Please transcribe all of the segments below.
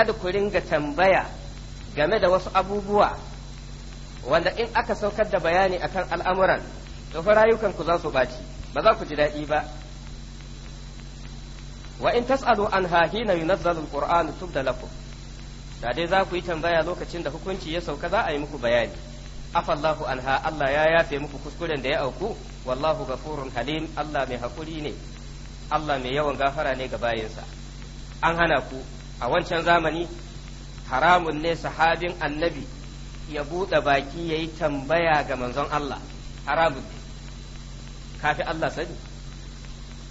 kada ku ringa tambaya game da wasu abubuwa wanda in aka saukar da bayani akan al'amuran to fa ku za su baci ba za ku ji daɗi ba wa in tas'alu anha hina yunazzalu qur'an tubda lakum da dai za ku yi tambaya lokacin da hukunci ya sauka za a yi muku bayani afallahu anha Allah ya yafe muku kuskuren da ya auku wallahu gafurun halim Allah mai hakuri ne Allah mai yawan gafara ne ga bayinsa an hana ku a wancan zamani haramun ne sahabin annabi ya buɗe baki ya yi tambaya ga manzon Allah haramun ne kafi Allah sani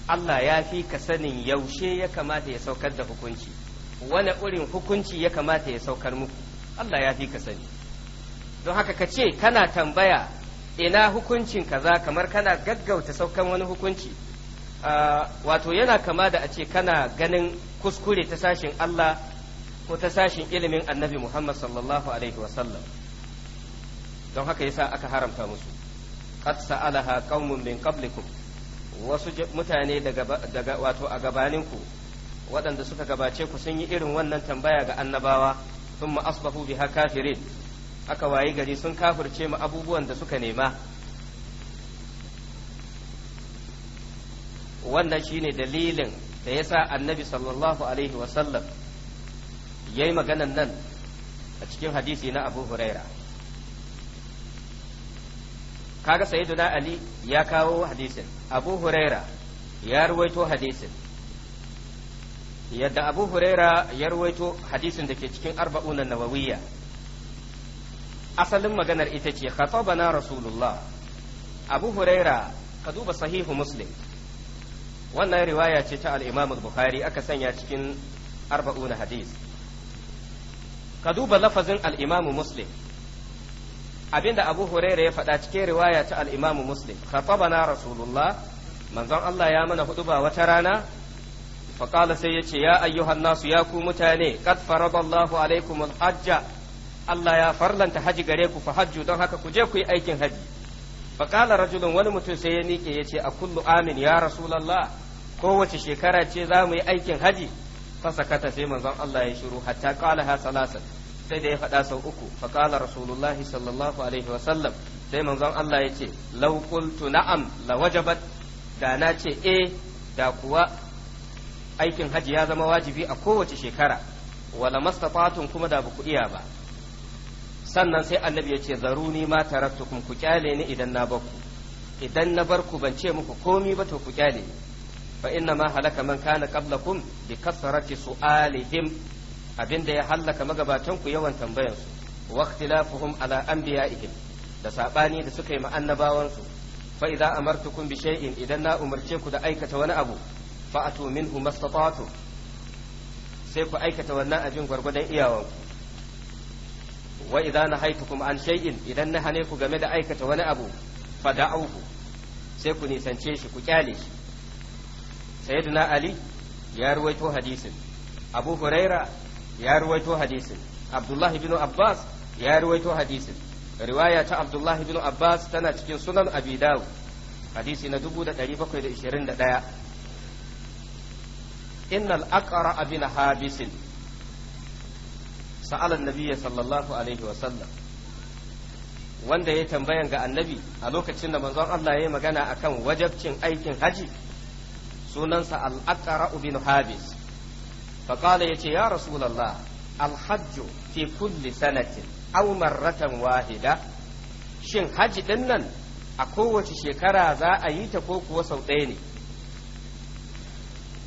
Allah ya fi ka sanin yaushe ya kamata ya saukar da hukunci wani irin hukunci ya kamata ya saukar muku Allah ya fi ka sani don haka ka ce kana tambaya ina hukuncin kaza kamar kana gaggauta saukan wani hukunci Ah, wato yana kama da a ce kana ganin kuskure ta sashin Allah ko ta sashin ilimin annabi Muhammad sallallahu alaihi wasallam don haka yasa aka haramta musu qad sa'alaha qaumun min qablikum wasu mutane daga wato a gabaninku waɗanda suka gabace ku sun yi irin wannan tambaya ga annabawa sun asbahu biha kafirin aka wayi gari sun kafirce ma abubuwan da suka nema wannan shine dalilin da ya sa annabi sallallahu alaihi wasallam ya yi maganan nan a cikin hadisi na abu huraira kaga sayyiduna ali ya kawo hadisin abu huraira ya ruwaito hadisin yadda abu huraira ya ruwaito hadisin da ke cikin arba'unan nawawiya. asalin maganar ita ce khatabana rasulullah abu huraira ka duba sahihu muslim wannan riwaya ce ta al’imam bukhari aka sanya cikin arba'una hadis ka duba lafazin al’imam muslim abinda abu huraira ya faɗa cikin riwaya ta al’imam muslim khatabana bana rasulullah manzon allah ya mana huɗu ba wata rana faƙala sai ya ce ya ayyuhan nasu ya ku mutane qad faradallahu alaikum al hajja allah ya farlanta haji gare ku fa hajju don haka ku je ku yi aikin haji faƙala rajulun wani mutum sai ya miƙe ya ce a kullu amin ya rasulallah kowace shekara ce za mu yi aikin haji fasakata sai manzon Allah ya shiru hatta ƙala ha salasan sai da ya faɗa sau uku faƙala rasulullahi sallallahu alaihi wasallam sai manzon Allah ya ce lau qultu na'am la wajabat da na ce e da kuwa aikin haji ya zama wajibi a kowace shekara wala mastata'tum kuma da ba ku iya ba sannan sai annabi ya ce zaruni ma taraktukum ku kyale ni idan na barku idan na barku ban ce muku komi ba to ku kyale ni fa inna ma halaka man kana qablakum bi kasrati su'alihim abinda ya halaka magabatan ku yawan tambayar su wa ikhtilafuhum ala anbiya'ihim da sabani da suka yi annabawan su fa idza amartukum bi shay'in idan na umarce ku da aikata wani abu fa atu minhu sai ku aikata wannan abin gwargwadon iyawanku wa na nahaitukum an shay'in idan na hane ku game da aikata wani abu fada'uhu sai ku nisance shi ku kyale shi sayyiduna ali ya ruwaito hadisin abu huraira ya ruwaito hadisin abdullahi bin abbas ya ruwaito hadisin riwaya ta abdullahi bin abbas tana cikin sunan abi dawud hadisi na 1721 innal aqra bin habisin sa'alan nabiyya sallallahu alaihi wasallam wanda ya tambayan ga annabi a lokacin da manzon Allah ya yi magana a kan wajabcin aikin haji sunansa al-aqra bin habis fa qala yace ya rasulullah al-hajj fi kulli sanatin aw marratan wahida shin haji din nan a kowace shekara za a yi ta ko kuwa sau ɗaya ne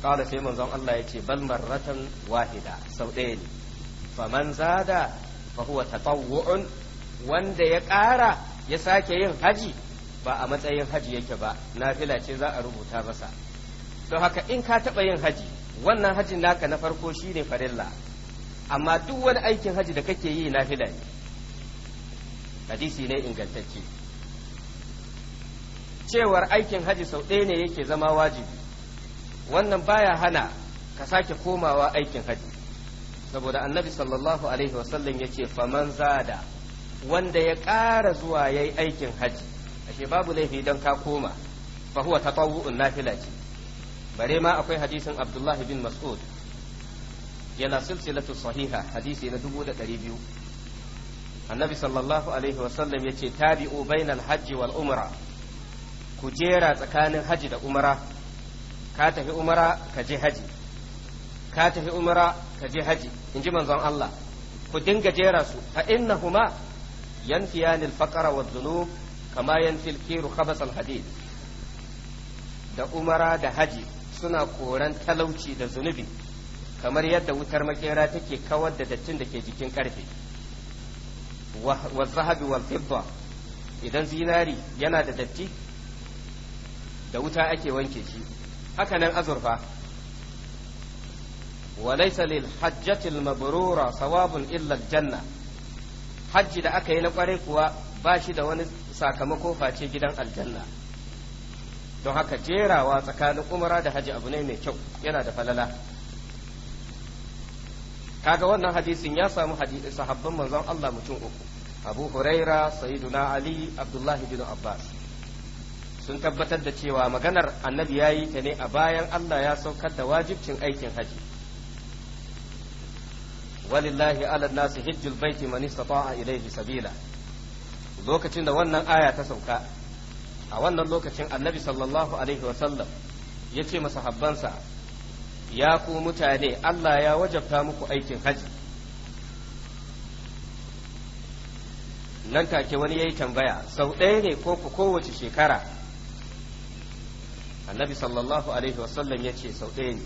qala sai manzon Allah yace bal marratan wahida sau ɗaya ne faman zada fa huwa wanda ya ƙara ya sake yin haji ba a matsayin haji yake ba nafila ce za a rubuta masa to haka in ka taɓa yin haji wannan hajin naka na farko shine farilla amma duk wani aikin haji da kake yi nafila ne hadisi ne ingantacce cewar aikin haji sau ɗaya ne yake zama wajibi wannan baya hana ka sake komawa aikin haji saboda annabi sallallahu alaihi wasallam ya ce faman zada wanda ya ƙara zuwa ya yi aikin hajji ashe babu laifi don ka koma fa huwa tatawu'un nafila ce bare ma akwai hadisin Abdullahi bin mas'ud yana silsilatu sahiha hadisi na dubu da ɗari biyu annabi sallallahu alaihi wasallam ya ce tabi'u bainal hajji wal umra ku jera tsakanin hajji da umara ka tafi umara ka je hajji. ka tafi umra ka je haji in ji manzon Allah ku dinga jera su fa innahuma yanfiyani al-faqra wa dhunub kama yanfi al-kiru khabas al-hadid da umara da haji suna koran talauci da zunubi kamar yadda wutar makera take kawar da dattin da ke jikin karfe wa zahabi wal fidda idan zinari yana da datti da wuta ake wanke shi haka nan azurfa وليس للحجة المبرورة ثواب إلا الجنة حج da aka yi na kwarai kuwa ba shi da wani sakamako face gidan aljanna don haka jerawa tsakanin umara da haji abu ne mai kyau yana da falala kaga wannan hadisin ya samu sahabban manzon Allah mutum uku abu huraira sayyiduna ali abdullahi bin abbas sun tabbatar da cewa maganar annabi ya yi ta ne a bayan Allah ya saukar da wajibcin aikin haji walillahi ala nasi hijjul baiti man istata'a ilayhi sabila lokacin da wannan aya ta sauka a wannan lokacin annabi sallallahu alaihi wasallam ya ce masahabbansa ya ku mutane Allah ya wajabta muku aikin hajji. nan take wani ya yi tambaya sau ɗaya ne ko ku kowace shekara annabi sallallahu alaihi wasallam ya ce sau ɗaya ne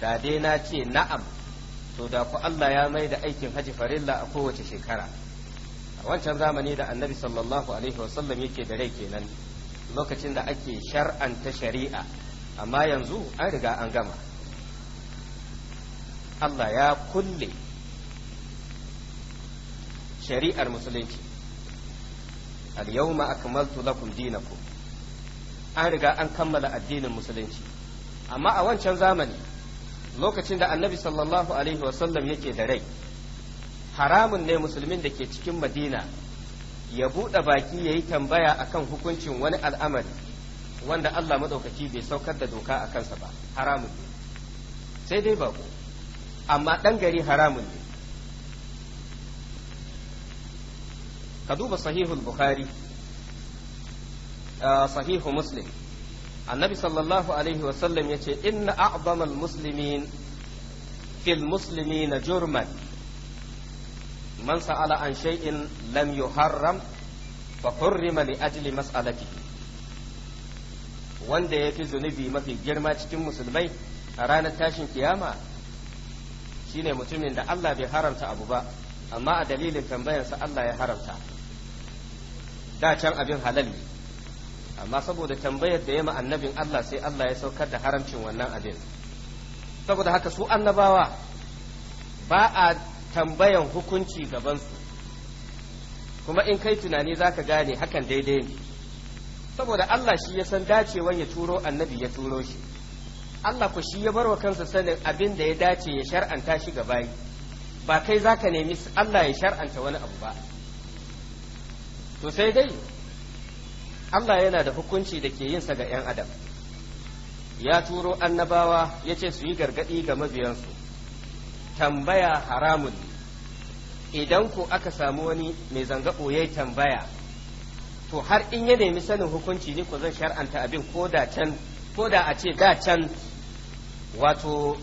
da dai na ce na'am to da ku Allah ya mai da aikin haji farilla a kowace shekara a wancan zamani da annabi sallallahu alaihi wasallam yake da rai kenan lokacin da ake shar'anta shari'a amma yanzu an riga an gama Allah ya kulle shari'ar musulunci al-yawma akmaltu lakum dinakum an riga an kammala addinin musulunci amma a wancan zamani lokacin da annabi sallallahu alaihi wasallam yake da rai haramun ne musulmin da ke cikin madina ya buɗe baki ya yi tambaya akan hukuncin wani al'amari wanda Allah maɗaukaki bai saukar da doka a kansa ba haramun ne sai dai bako amma ɗan gari haramun ne ka duba sahihul bukhari ah, sahihu muslim annabi sallallahu alaihi wasallam ya ce inna a'zamal muslimin fil na jurman man sa'ala an shay'in lam yuharram fa hurrima li ajli wanda ya fi zunubi mafi girma cikin musulmai a ranar tashin kiyama shine mutumin da Allah bai haramta abu ba amma a dalilin tambayarsa Allah ya haramta da can abin halal ne amma saboda tambayar da ya ma annabin Allah sai Allah ya saukar da haramcin wannan abin saboda haka su annabawa ba a tambayan hukunci gabansu kuma in kai tunani za ka gane hakan daidai ne saboda Allah shi ya san dacewan ya turo annabi ya turo shi Allah ku shi ya bar wa kansa sanin abin da ya dace ya shar'anta shi bayi ba kai za ka nemi Allah ya shar'anta wani abu ba to sai dai Allah yana da hukunci da ke yinsa ga 'yan adam ya turo annabawa ya ce su yi gargaɗi ga mabiyansu tambaya haramun idan ku aka samu wani mai zanga yi tambaya to har in ya nemi sanin hukunci ne ku zan shar'anta abin ko da can ko da a ce da can wato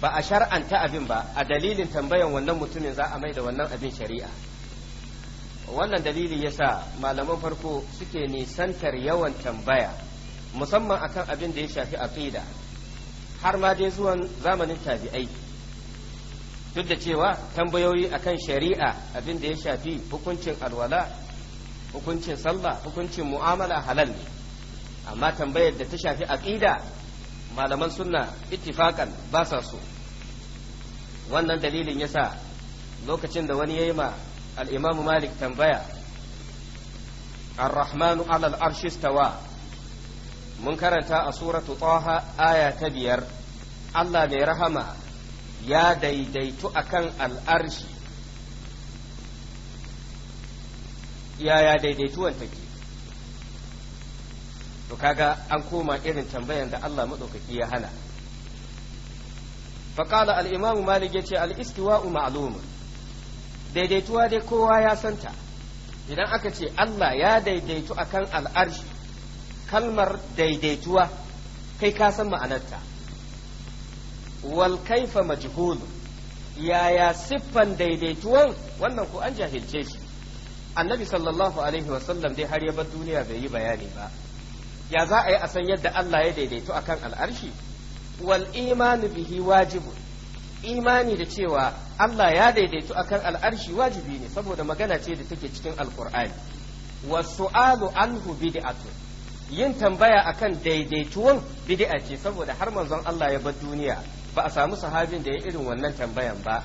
ba a shar'anta abin ba a dalilin tambayan wannan mutumin za a mai da wannan abin shari'a wannan dalili sa malaman farko suke nisantar yawan tambaya musamman akan abin da ya shafi aqida har ma dai zuwan zamanin tabi'ai duk da cewa tambayoyi akan shari'a abin da ya shafi hukuncin alwala hukuncin sallah hukuncin mu'amala halal ne amma tambayar da ta shafi aqida malaman sunna ittifaqan ba sa so wannan dalilin ya sa lokacin da wani ya yi ma al-imam malik tambaya ar-rahmanu alal arshi stawa mun karanta a suratu taha aya ta biyar Allah mai rahama ya daidaitu akan al'arshi yaya daidaituwan take to kaga an koma irin tambayan da Allah maɗaukaki ya hana faƙala al'imamu malik ya ce al'istiwa'u ma'alumun daidaituwa dai kowa ya santa idan aka ce Allah ya daidaitu akan al'arshi kalmar daidaituwa kai ka san ma'anarta walkaifa kaifa majhulu yaya siffan daidaituwan wannan ko an jahilce shi annabi sallallahu alaihi wasallam dai har ya bar duniya bai yi bayani ba ya za a yi a san yadda Allah ya daidaitu akan al'arshi wal imanu bihi wajibu imani da cewa Allah ya daidaitu akan al'arshi wajibi ne saboda magana ce da take cikin alkur'ani su'alu anhu bid'atu yin tambaya akan daidaituwan bid'a ce saboda har manzon Allah ya bar duniya ba a samu sahabin da ya irin wannan tambayan ba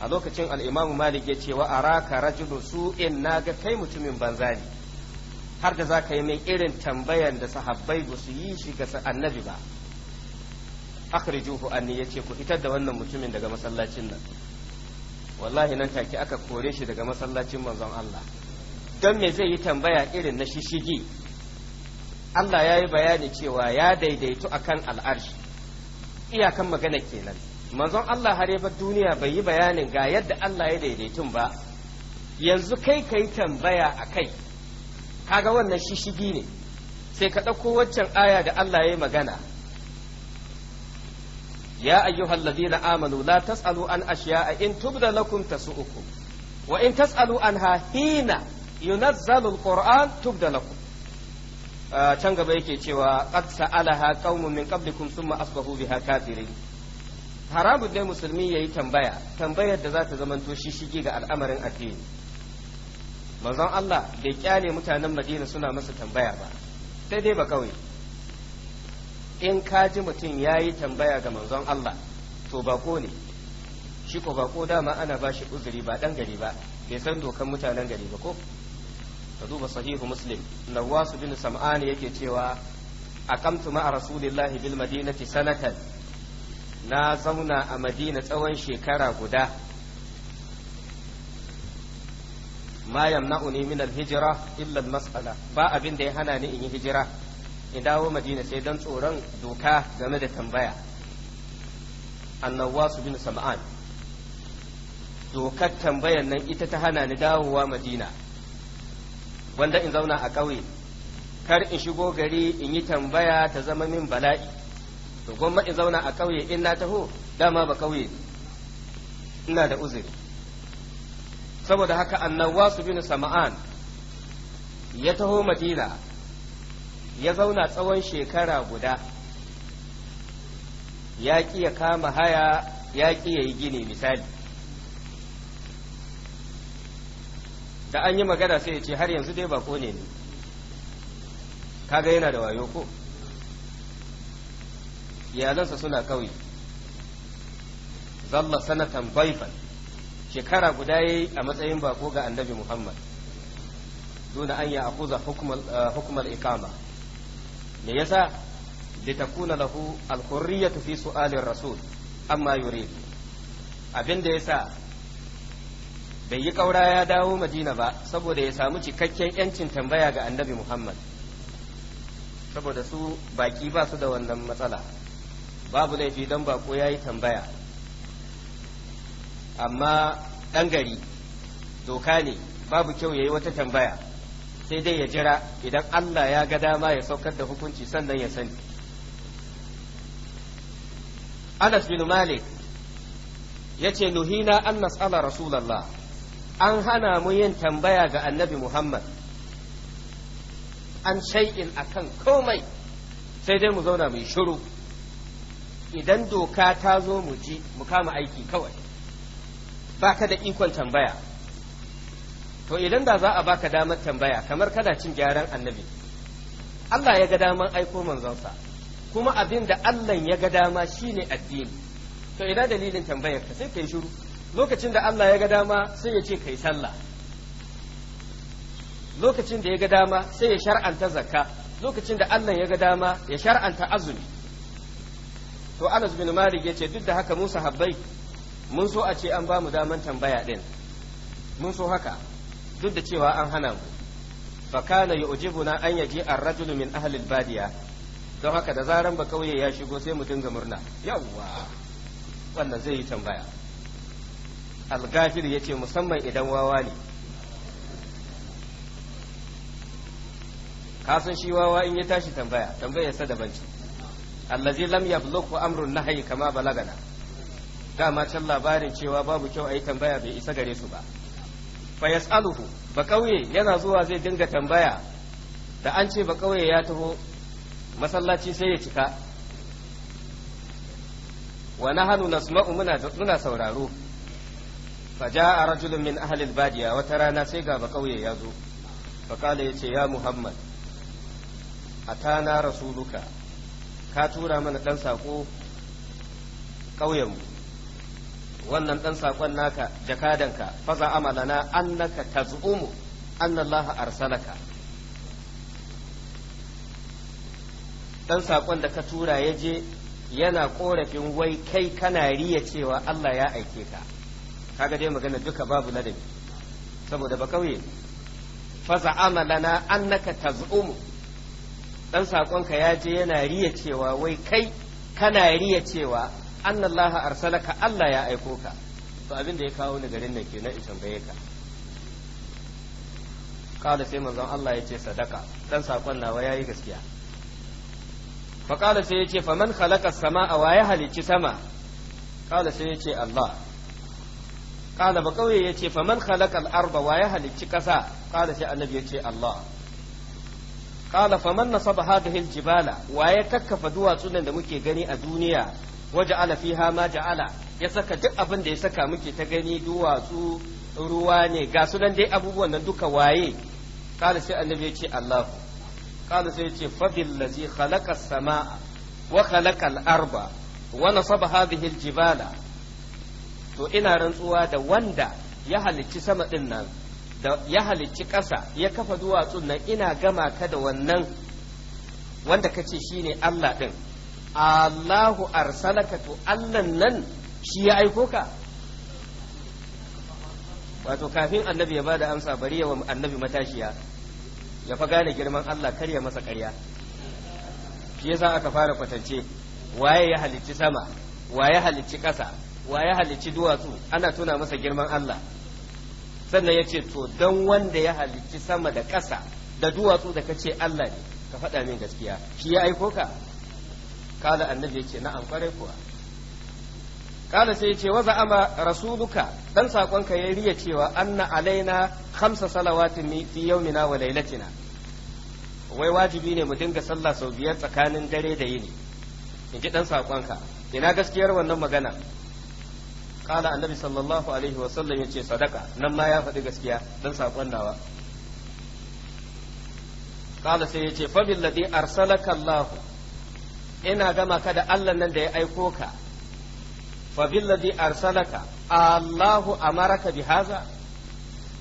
a lokacin al-Imam Malik ya ce wa araka rajulu su'in naga kai mutumin banza ne har da zaka yi min irin tambayan da sahabbai ba su yi shi ga annabi ba akhrijuhu anni yace ku fitar da wannan mutumin daga masallacin nan wallahi nan take aka kore shi daga masallacin manzon Allah don me zai yi tambaya irin na shishigi Allah ya yi bayani cewa ya daidaitu akan al'arshi iyakan magana kenan manzon Allah har ya bar duniya bai yi bayanin ga yadda Allah ya daidaitun ba yanzu kai ka yi tambaya a kai kaga wannan shishigi ne sai ka ɗauko waccan aya da Allah ya yi magana ya ayyuhal ladina amanu la tasalu an ashya'a in tubda lakum tasu'ukum wa in tasalu anha hina yunazzalu alquran tubda lakum can gaba yake cewa qad sa'alaha qaumun min qablikum thumma asbahu biha kafirin ne musulmi yayi tambaya tambayar da za ta zamanto shi shige ga al'amarin addini manzon Allah bai kyale mutanen Madina suna masa tambaya ba sai dai ba kawai in ka ji mutum ya yi tambaya ga manzon Allah to bako ne shi ko bako dama ana ba shi uzuri ba dan gari ba bai san dokan mutanen gari ba ko ka duba sahihu muslim nawasu bin sam'an yake cewa aqamtu ma'a rasulillahi bil madinati sanatan na zauna a madina tsawon shekara guda ma yamna'uni min al-hijra illa al-mas'ala ba abin da ya hana ni in yi hijira sai dawo madina sai don tsoron doka game da tambaya su bin sama'an. dokar tambayan nan ita ta hana ni dawowa madina wanda in zauna a ƙauye kar in shigo gari in yi tambaya ta zama min bala'i to gwamma in zauna a ƙauye in na taho dama ba ƙauye ina da uzuri saboda haka su bin sama'an ya taho madina ya zauna tsawon shekara guda ya ƙi ya kama haya ya ƙi ya yi gini misali da an yi magana sai ya ce har yanzu dai ba ne ne kaga yana da wayo ko iyalansa suna kauye zalla sanatan baifan shekara guda ya yi a matsayin bako ga annabi muhammad duna an yi a kuza hukumar eh, ikama me yasa litakuna lahu alhurriyatu fi su'alin rasul amma yurid abin da yasa bai yi kaura ya dawo madina ba saboda ya samu cikakken yancin tambaya ga annabi muhammad saboda su baki ba su da wannan matsala babu laifi don bako ya yi tambaya amma ɗan gari doka ne babu kyau ya yi wata tambaya sai dai ya jira idan Allah ya ga dama ya saukar da hukunci sannan ya sani Anas bin Malik ya ce nuhina an nas'ala rasulallah an hana mu yin tambaya ga annabi Muhammad an a akan komai sai dai mu zauna mai shiru idan doka ta zo mu ji mu kama aiki kawai baka da ikon tambaya to idan da za a baka damar tambaya kamar kana cin gyaran annabi Allah ya ga daman aiko manzonsa kuma abin da Allah ya ga dama shine addini to idan dalilin tambayar ka sai kai shiru lokacin da Allah ya ga dama sai ya ce kai sallah lokacin da ya ga dama sai ya shar'anta zakka lokacin da Allah ya ga dama ya shar'anta azumi to Anas bin Malik yace duk da haka mu sahabbai mun so a ce an ba mu daman tambaya din mun so haka duk da cewa an hana mu fa kana yu'jibuna an yaji ar-rajul min ahli al-badiya don haka da zaran ba kauye ya shigo sai mu dinga murna yawwa wannan zai yi tambaya al-gafir yace musamman idan wawa ne kasan shi wawa in ya tashi tambaya tambayar sa daban ce allazi lam yablughu amrun nahyi kama balagana dama can labarin cewa babu kyau a yi tambaya bai isa gare su ba fa yas'aluhu ba kauye yana zuwa zai dinga tambaya da an ce ba kauye ya taho masallaci sai ya cika wa nahnu nasma'u muna muna sauraro fa ja'a rajulun min ahli al-badiya wata rana sai ga ba kauye ya zo fa ya yace ya muhammad atana rasuluka ka tura mana dan sako ƙauyenmu wannan dan sakon naka jakadanka faza amalana annaka tazumu anna arsalaka dan sakon da ka tura ya je yana korafin wai kai kana riya cewa Allah ya aike ka kaga dai magana duka babu ladabi saboda ba kauye faza amalana annaka tazumu dan sakonka ya je yana riya cewa wai kai kana riya cewa annallaha arsalaka Allah ya aiko ka to abin da ya kawo ni garin nan kenan in tambaye ka kala sai manzon Allah ya ce sadaka dan sakon nawa yayi gaskiya fa kala sai ya ce man khalaqa samaa wa ya halici sama kala sai ya ce Allah kala ba kauye ya ce man khalaqa al-arda wa ya halici kasa kala sai annabi ya ce Allah kala man nasaba hadhihi al-jibala wa ya kakkafa duwatsun da muke gani a duniya waja'ala fiha ma ja'ala ya saka duk abin da ya saka muke ta gani duwatsu ruwa ne ga su nan dai abubuwan nan duka waye kala sai annabi ya ce Allah kala sai ya ce fa ladzi khalaqa samaa wa khalaqa al-arba wa nasaba hadhihi al-jibala to ina rantsuwa da wanda ya halicci sama din nan da ya halicci ƙasa ya kafa duwatsun nan ina gama ka da wannan wanda kace shine Allah din Allahu arsalaka to Allah nan shi ya aiko ka wato kafin annabi ya bada amsa bari yawan annabi matashiya ya fa gane girman Allah kar ya masa karya shi yasa aka fara kwatance waye ya halicci sama waye halicci ƙasa waye halicci duwatsu ana tuna masa girman Allah sannan ya ce to don wanda ya halicci sama da ƙasa da duwatsu da kace Allah ne ka faɗa min gaskiya shi ya aiko ka kala annabi yace na'am kwarai kuwa kala sai yace waza ama rasuluka dan sakonka ya riya cewa anna alaina khamsa salawatin fi yawmina wa laylatina wai wajibi ne mu dinga sallah sau biyar tsakanin dare da yini in ji dan sakonka ina gaskiyar wannan magana kala annabi sallallahu alaihi wa sallam yace sadaka nan ma ya faɗi gaskiya dan sakon nawa kala sai yace fa billadhi arsalaka ina gama ka da Allah nan da ya aiko ka fa ar arsalaka Allahu amaraka bi haza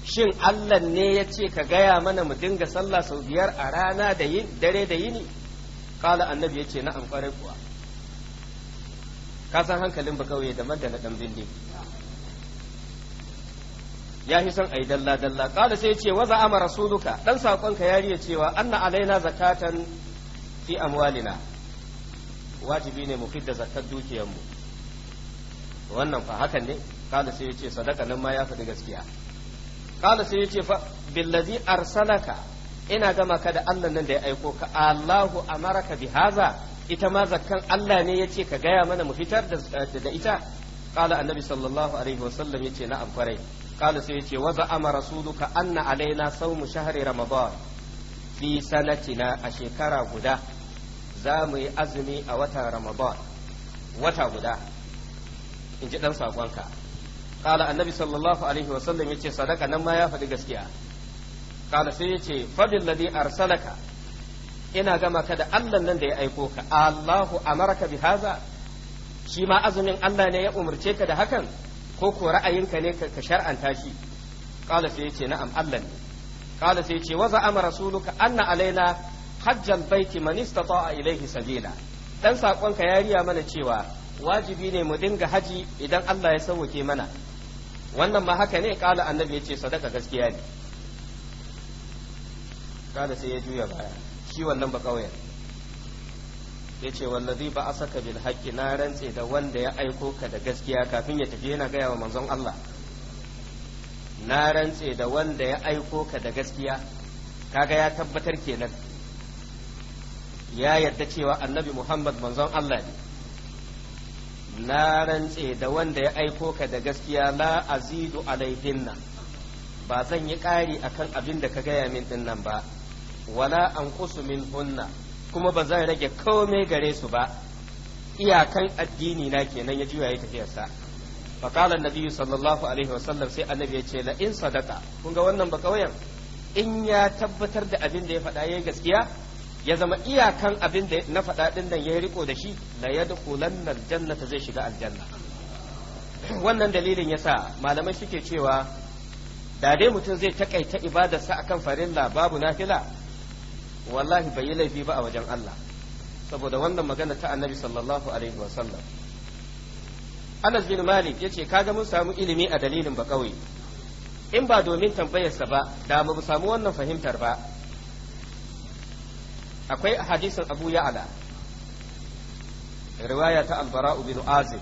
shin Allah ne ya ce ka gaya mana mu dinga sallah sau biyar a rana da yin dare da yini kala annabi ya ce na kwarai kuwa ka san hankalin ba kawai da madda na dan bindi ya fi son ayi dalla dalla kala sai ya ce wa amara rasuluka dan sakonka riya cewa anna alaina zakatan fi amwalina wajibi ne mu fidda zakar dukiyar mu wannan fa hakan ne kada sai yace sadaka nan ma ya faɗi gaskiya kada sai yace fa billazi arsalaka ina gama ka da Allah nan da ya aiko ka Allahu amaraka bi haza ita ma zakkan Allah ne yace ka gaya mana mu fitar da ita qala annabi sallallahu alaihi wasallam yace na'am kwarai qala sai yace wa za'ama rasuluka anna alaina sawmu shahri ramadan fi sanatina a shekara guda za mu yi azumi a watan ramadan wata guda in ji ɗan saƙonka ƙala annabi sallallahu alaihi wa ya ce sadaka nan ma ya faɗi gaskiya ƙala sai ya ce fadin ladi arsalaka ina gama ka da allah nan da ya aiko ka allahu amaraka bi haza shi ma azumin allah ne ya umarce ka da hakan ko ko ra'ayinka ne ka shar'anta shi ƙala sai ya ce na'am allah ne ƙala sai ya ce waza amara rasuluka anna alaina hajjal baiti man istata'a ilayhi sabila dan sakon ka yariya mana cewa wajibi ne mu dinga haji idan Allah ya sauke mana wannan ma haka ne kala annabi yace sadaka gaskiya ne kala sai ya juya baya shi wannan ba kauyen yace wallazi ba asaka bil haqqi na rantse da wanda ya aiko ka da gaskiya kafin ya tafi yana gaya wa manzon Allah na rantse da wanda ya aiko ka da gaskiya kaga ya tabbatar kenan ya yarda cewa annabi Muhammad manzon Allah ne na rantse da wanda ya aiko ka da gaskiya la azidu alaihinna ba zan yi ƙari akan abin da ka gaya min din ba wala an min hunna kuma ba zan rage komai gare su ba iyakan addini na kenan ya juya ya tafiyarsa فقال النبي صلى sallallahu alaihi wasallam sai annabi ya ce la in sadaka kun ga wannan ba kauyen in ya tabbatar da abin da ya faɗa yayi gaskiya ya zama iyakan abin da na faɗa ɗin nan ya riko da shi la yadkhulanna aljannata zai shiga aljanna wannan dalilin yasa malamai suke cewa da dai mutum zai takaita ibadarsa akan farilla babu nafila wallahi bai yi laifi ba a wajen Allah saboda wannan magana ta annabi sallallahu alaihi wa sallam Anas bin Malik yace kaga mun samu ilimi a dalilin ba kawai in ba domin tambayarsa ba da mu samu wannan fahimtar ba akwai a hadisin abu ya'ala riwaya ta albara bin azib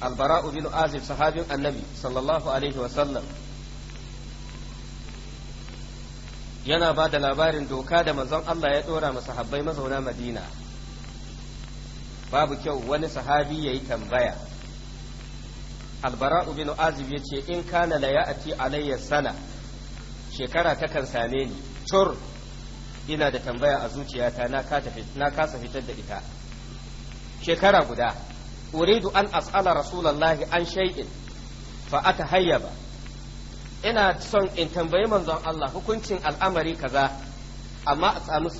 albara bin azib sahabin annabi sallallahu alaihi wasallam yana ba da labarin doka da manzon Allah ya dora ma sahabai mazauna madina babu kyau wani sahabi ya yi tambaya albara bin azib ya ce in kana la ya'ati alayya sana shekara takan same ni cur ina da tambaya a zuciyata na kasa fitar da ita shekara guda uridu an as'ala rasulallahi an shay'in fa ata hayyaba ina son in tambayi manzon Allah hukuncin al'amari kaza amma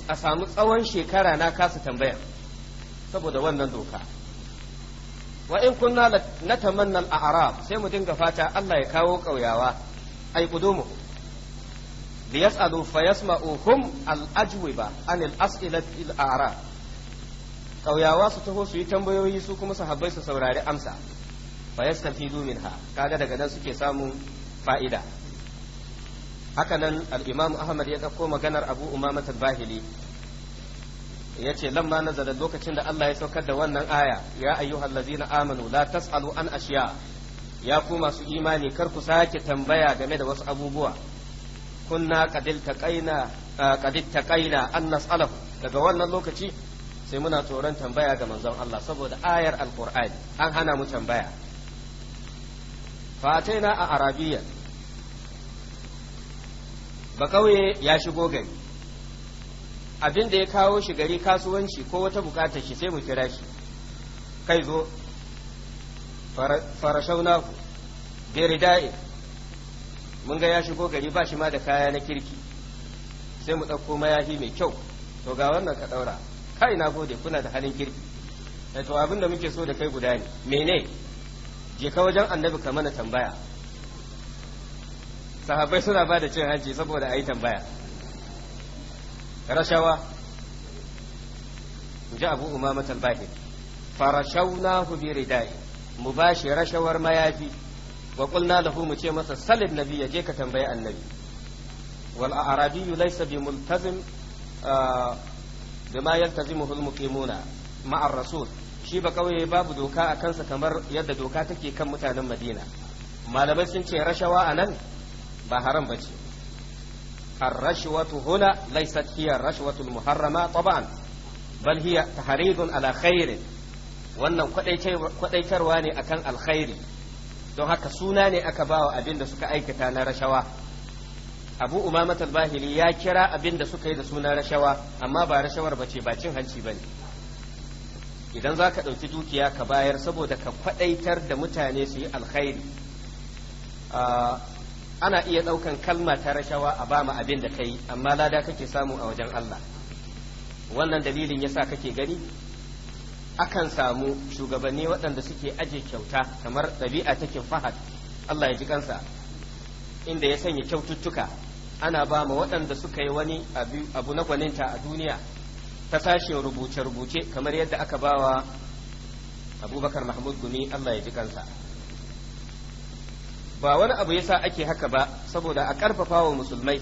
a samu tsawon shekara na kasa tambaya saboda wannan doka wa in kunna na tamannan a arab sai mu dinga fata Allah ya kawo ƙauyawa ai kudumu liyas'alu fayasma'uhum al-ajwiba anil as'ilati al-a'rab kauyawa su taho suyi tambayoyi su kuma sahabbai su saurari amsa fayastafidu minha kaga daga nan suke samun fa'ida haka nan al-imam ahmad ya dauko maganar abu umama al-bahili lamma nazara lokacin da Allah ya saukar da wannan aya ya ayyuhal hallazina amanu la tasalu an ashiya ya ku masu imani kar ku sake tambaya game da wasu abubuwa kunna qadil taqaina qadil taqaina an nas'alahu daga wannan lokaci sai muna tsoron tambaya ga manzon Allah saboda ayar alqur'ani an hana mu tambaya fataina a arabiya ba ya shigo gari abin da ya kawo shi gari kasuwanci ko wata bukatar shi sai mu kira shi kai zo farashaunahu bi rida'i mun ga ya shigo gari ba shi ma da kaya na kirki sai mu ɗauko mayafi mai kyau to ga wannan ka ɗaura kai na gode kuna da halin kirki eh, to abin muke so da kai guda ne mene je ka wajen annabi ka mana tambaya sahabbai suna ba da cin hanci saboda a yi tambaya rashawa ji abu umama talbahin farashauna na bi ridai mu bashi rashawar mayafi wa qulna lahu mu ce masa salin nabi ya je ka tambayi annabi wal arabi laysa bi multazim ah, bima yaltazimuhu al muqimuna ma'a rasul shi ba ƙauye babu doka a kansa kamar yadda doka take kan mutanen madina malamai sun ce rashawa a nan ba haram ba ce الرشوة هنا ليست هي الرشوة المحرمة طبعا بل هي تحريض على خير wannan kwadaitarwa ne akan alkhairi don haka suna ne aka bawa abin da suka aikata na rashawa abu umama bahili ya kira abin da suka yi da suna rashawa amma ba rashawar ba ce ba cin hanci ba ne idan za ka ɗauki dukiya ka bayar saboda ka kwaɗaitar da mutane su yi alkhairi ana iya ɗaukan kalma ta rashawa a ba mu abin da ka yi amma lada kake samu a wajen Allah wannan dalilin yasa kake gani akan samu shugabanni waɗanda suke aje kyauta kamar ɗabi'a take fahad Allah ya ji kansa inda ya sanya kyaututtuka ana ba ma waɗanda suka yi wani abu na gwaninta a duniya ta sashen rubuce-rubuce kamar yadda aka bawa abubakar mahmud gumi Allah ya ji kansa ba wani abu yasa ake haka ba saboda a ƙarfafa wa musulmai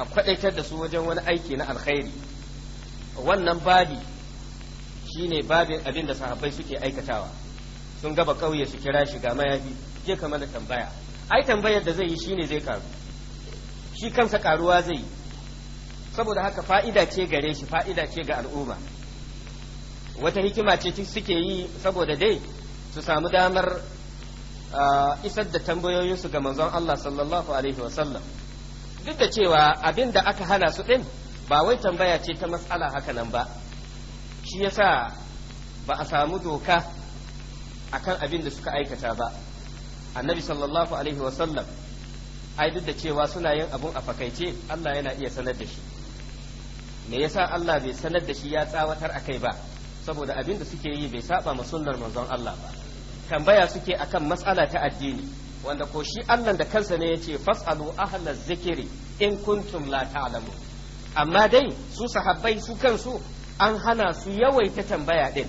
a kwaɗaitar da su wajen wani aiki na alkhairi wannan babi Shi ne babin abin da sahabbai suke aikatawa sun gaba kauye su kira shi ga mayafi je mana tambaya ai tambayar da zai yi shine zai karu shi kansa karuwa zai yi saboda haka fa'ida ce gare shi fa'ida ce ga al'umma wata hikima ce suke yi saboda dai su samu damar isar da tambayoyinsu ga manzon Allah sallallahu alaihi wasallam duk da cewa abin da aka hana su ɗin ba wai tambaya ce ta matsala haka nan ba shi ya sa ba a samu doka a kan abin da suka aikata ba annabi sallallahu alaihi wasallam ai duk da cewa suna yin abun a fakaice Allah yana iya sanar da shi me yasa Allah bai sanar da shi ya tsawatar a kai ba saboda abin da suke yi bai saba ma sunnar manzon Allah ba tambaya suke akan matsala ta addini wanda ko shi Allah da kansa ne ya ce fasalu ahlaz zikri in kuntum la ta'lamu amma dai su sahabbai su kansu an hana su yawaita tambaya ɗin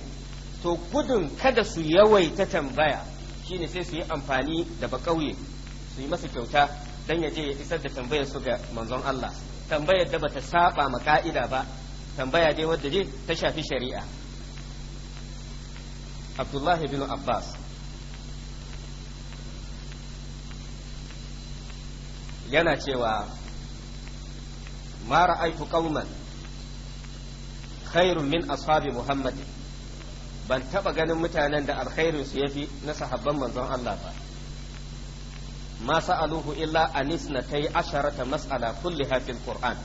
to gudun kada su yawaita tambaya shine sai su yi amfani da baƙauye su yi masa kyauta don ya je ya isar da tambayar su ga manzon Allah tambayar da bata saba ma ka'ida ba tambaya dai wadda dai ta shafi shari'a Abdullahi bin Abbas yana cewa mara aiku qauman khairun min ashabi Muhammad ban taɓa ganin mutanen da alkhairin su fi na sahabban manzon Allah ba ma sa'aluhu illa anis na kai asharata mas'ala kulli hafin qur'an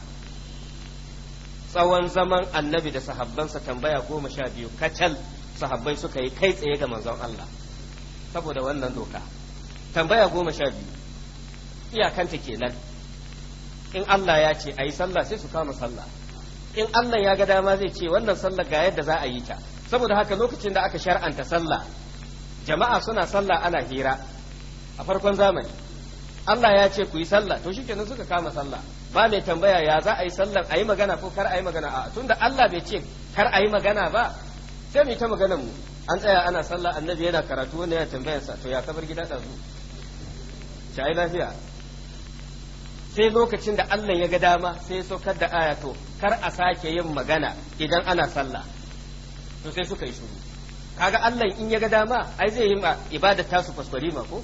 tsawon zaman annabi da sahabbansa tambaya goma sha biyu kacal sahabbai suka yi kai tsaye ga manzon Allah saboda wannan doka tambaya goma sha biyu iyakanta kenan in Allah ya ce a yi sallah sai su kama sallah in Allah ya ga dama zai ce wannan sallar ga yadda za a yi ta saboda haka lokacin da aka shar'anta sallah jama'a suna sallah ana hira a farkon zamani Allah ya ce ku yi sallah to shikenan suka kama sallah ba mai tambaya ya za a yi sallar a yi magana ko kar a yi magana a tunda Allah bai ce kar a yi magana ba sai mu ta magana mu an tsaya ana sallah annabi yana karatu wanda ya tambayarsa to ya kabar gida ɗazu shi lafiya sai lokacin da Allah ya ga dama sai ya saukar da aya to kar a sake yin magana idan ana sallah to sai suka yi shiru kaga Allah in ya ga dama ai zai yi ibada ta su ma ko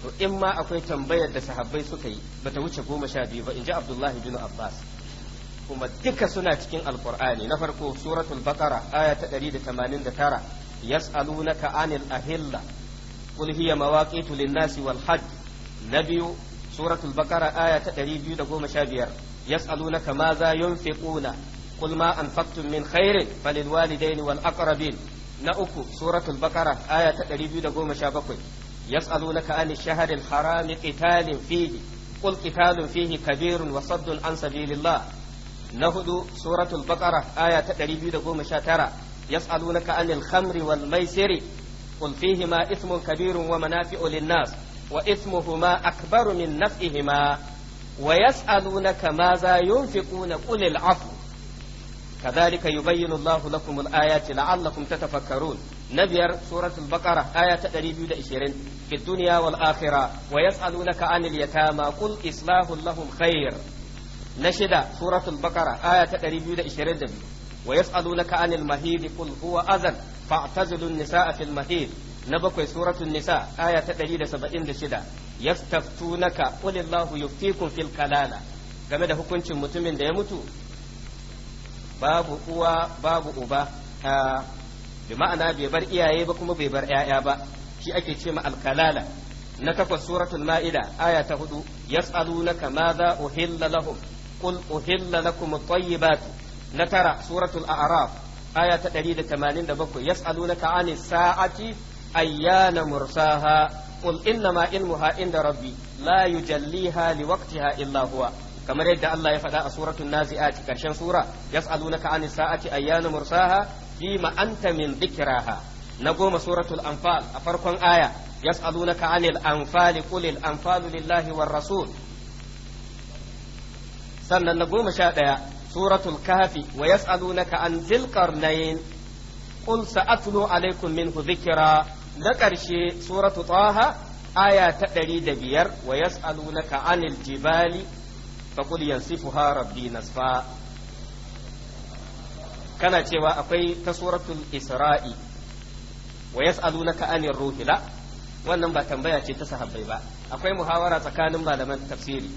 to in ma akwai tambayar da sahabbai suka yi bata wuce goma sha biyu ba in ji Abdullahi bin Abbas kuma duka suna cikin alkur'ani na farko suratul baqara aya ta 189 yas'alunaka anil ahilla qul hiya mawaqitu lin-nasi wal hajj na biyu suratul baqara aya ta 215 yas'alunaka ma za yunfiquna qul ma anfaqtum min khairin walidaini wal akrabin. na uku suratul baqara aya ta 217 yas'alunaka an ash-shahril harami qitalin fihi qul qitalun fihi Kabiru wa saddun an sabilillah na hudu suratul baqara aya ta 219 يسألونك wal الخمر والميسر قل فيهما إثم كبير ومنافع للناس وإثمهما أكبر من نفئهما ويسألونك ماذا ينفقون قل العفو كذلك يبين الله لكم الآيات لعلكم تتفكرون نبير سورة البقرة آية تقريب في الدنيا والآخرة ويسألونك عن اليتامى قل إصلاح لهم خير نشد سورة البقرة آية تقريب ويسألونك عن المهيد قل هو أذن فاعتزلوا النساء في المهيد na bakwai suratun nisa aya ta 176 yastaftunaka qulillahu yuftikum fil kalala game da hukuncin mutumin da ya mutu babu uwa babu uba bi ma'ana bai bar iyaye ba kuma bai bar 'ya'ya ba shi ake ce ma alkalala na takwas suratul ma'ida aya ta hudu yas'alunaka madha uhilla lahum qul uhilla lakum at-tayyibat na tara suratul a'raf aya ta 187 yas'alunaka ani sa'ati ayyana mursaha qul innama ilmuha rabbi la yujalliha liwaqtiha illa huwa kamar yadda Allah ya faɗa a suratul nazi'at karshen sura yas'alunaka 'anis sa'ati ayyana mursaha fima a farkon aya yas'alunaka 'anil sannan na goma sha ɗaya suratul kafi wa yas'alunaka minhu na ƙarshe suratu taha aya ta ɗari da biyar wa na anil jibali faqul yansifuha rabbi nasfa kana cewa akwai ta suratul isra'i wa tsalu na ka'anin ruhila. wannan ba tambaya ce ta sahabbai ba akwai muhawara tsakanin malaman tafsiri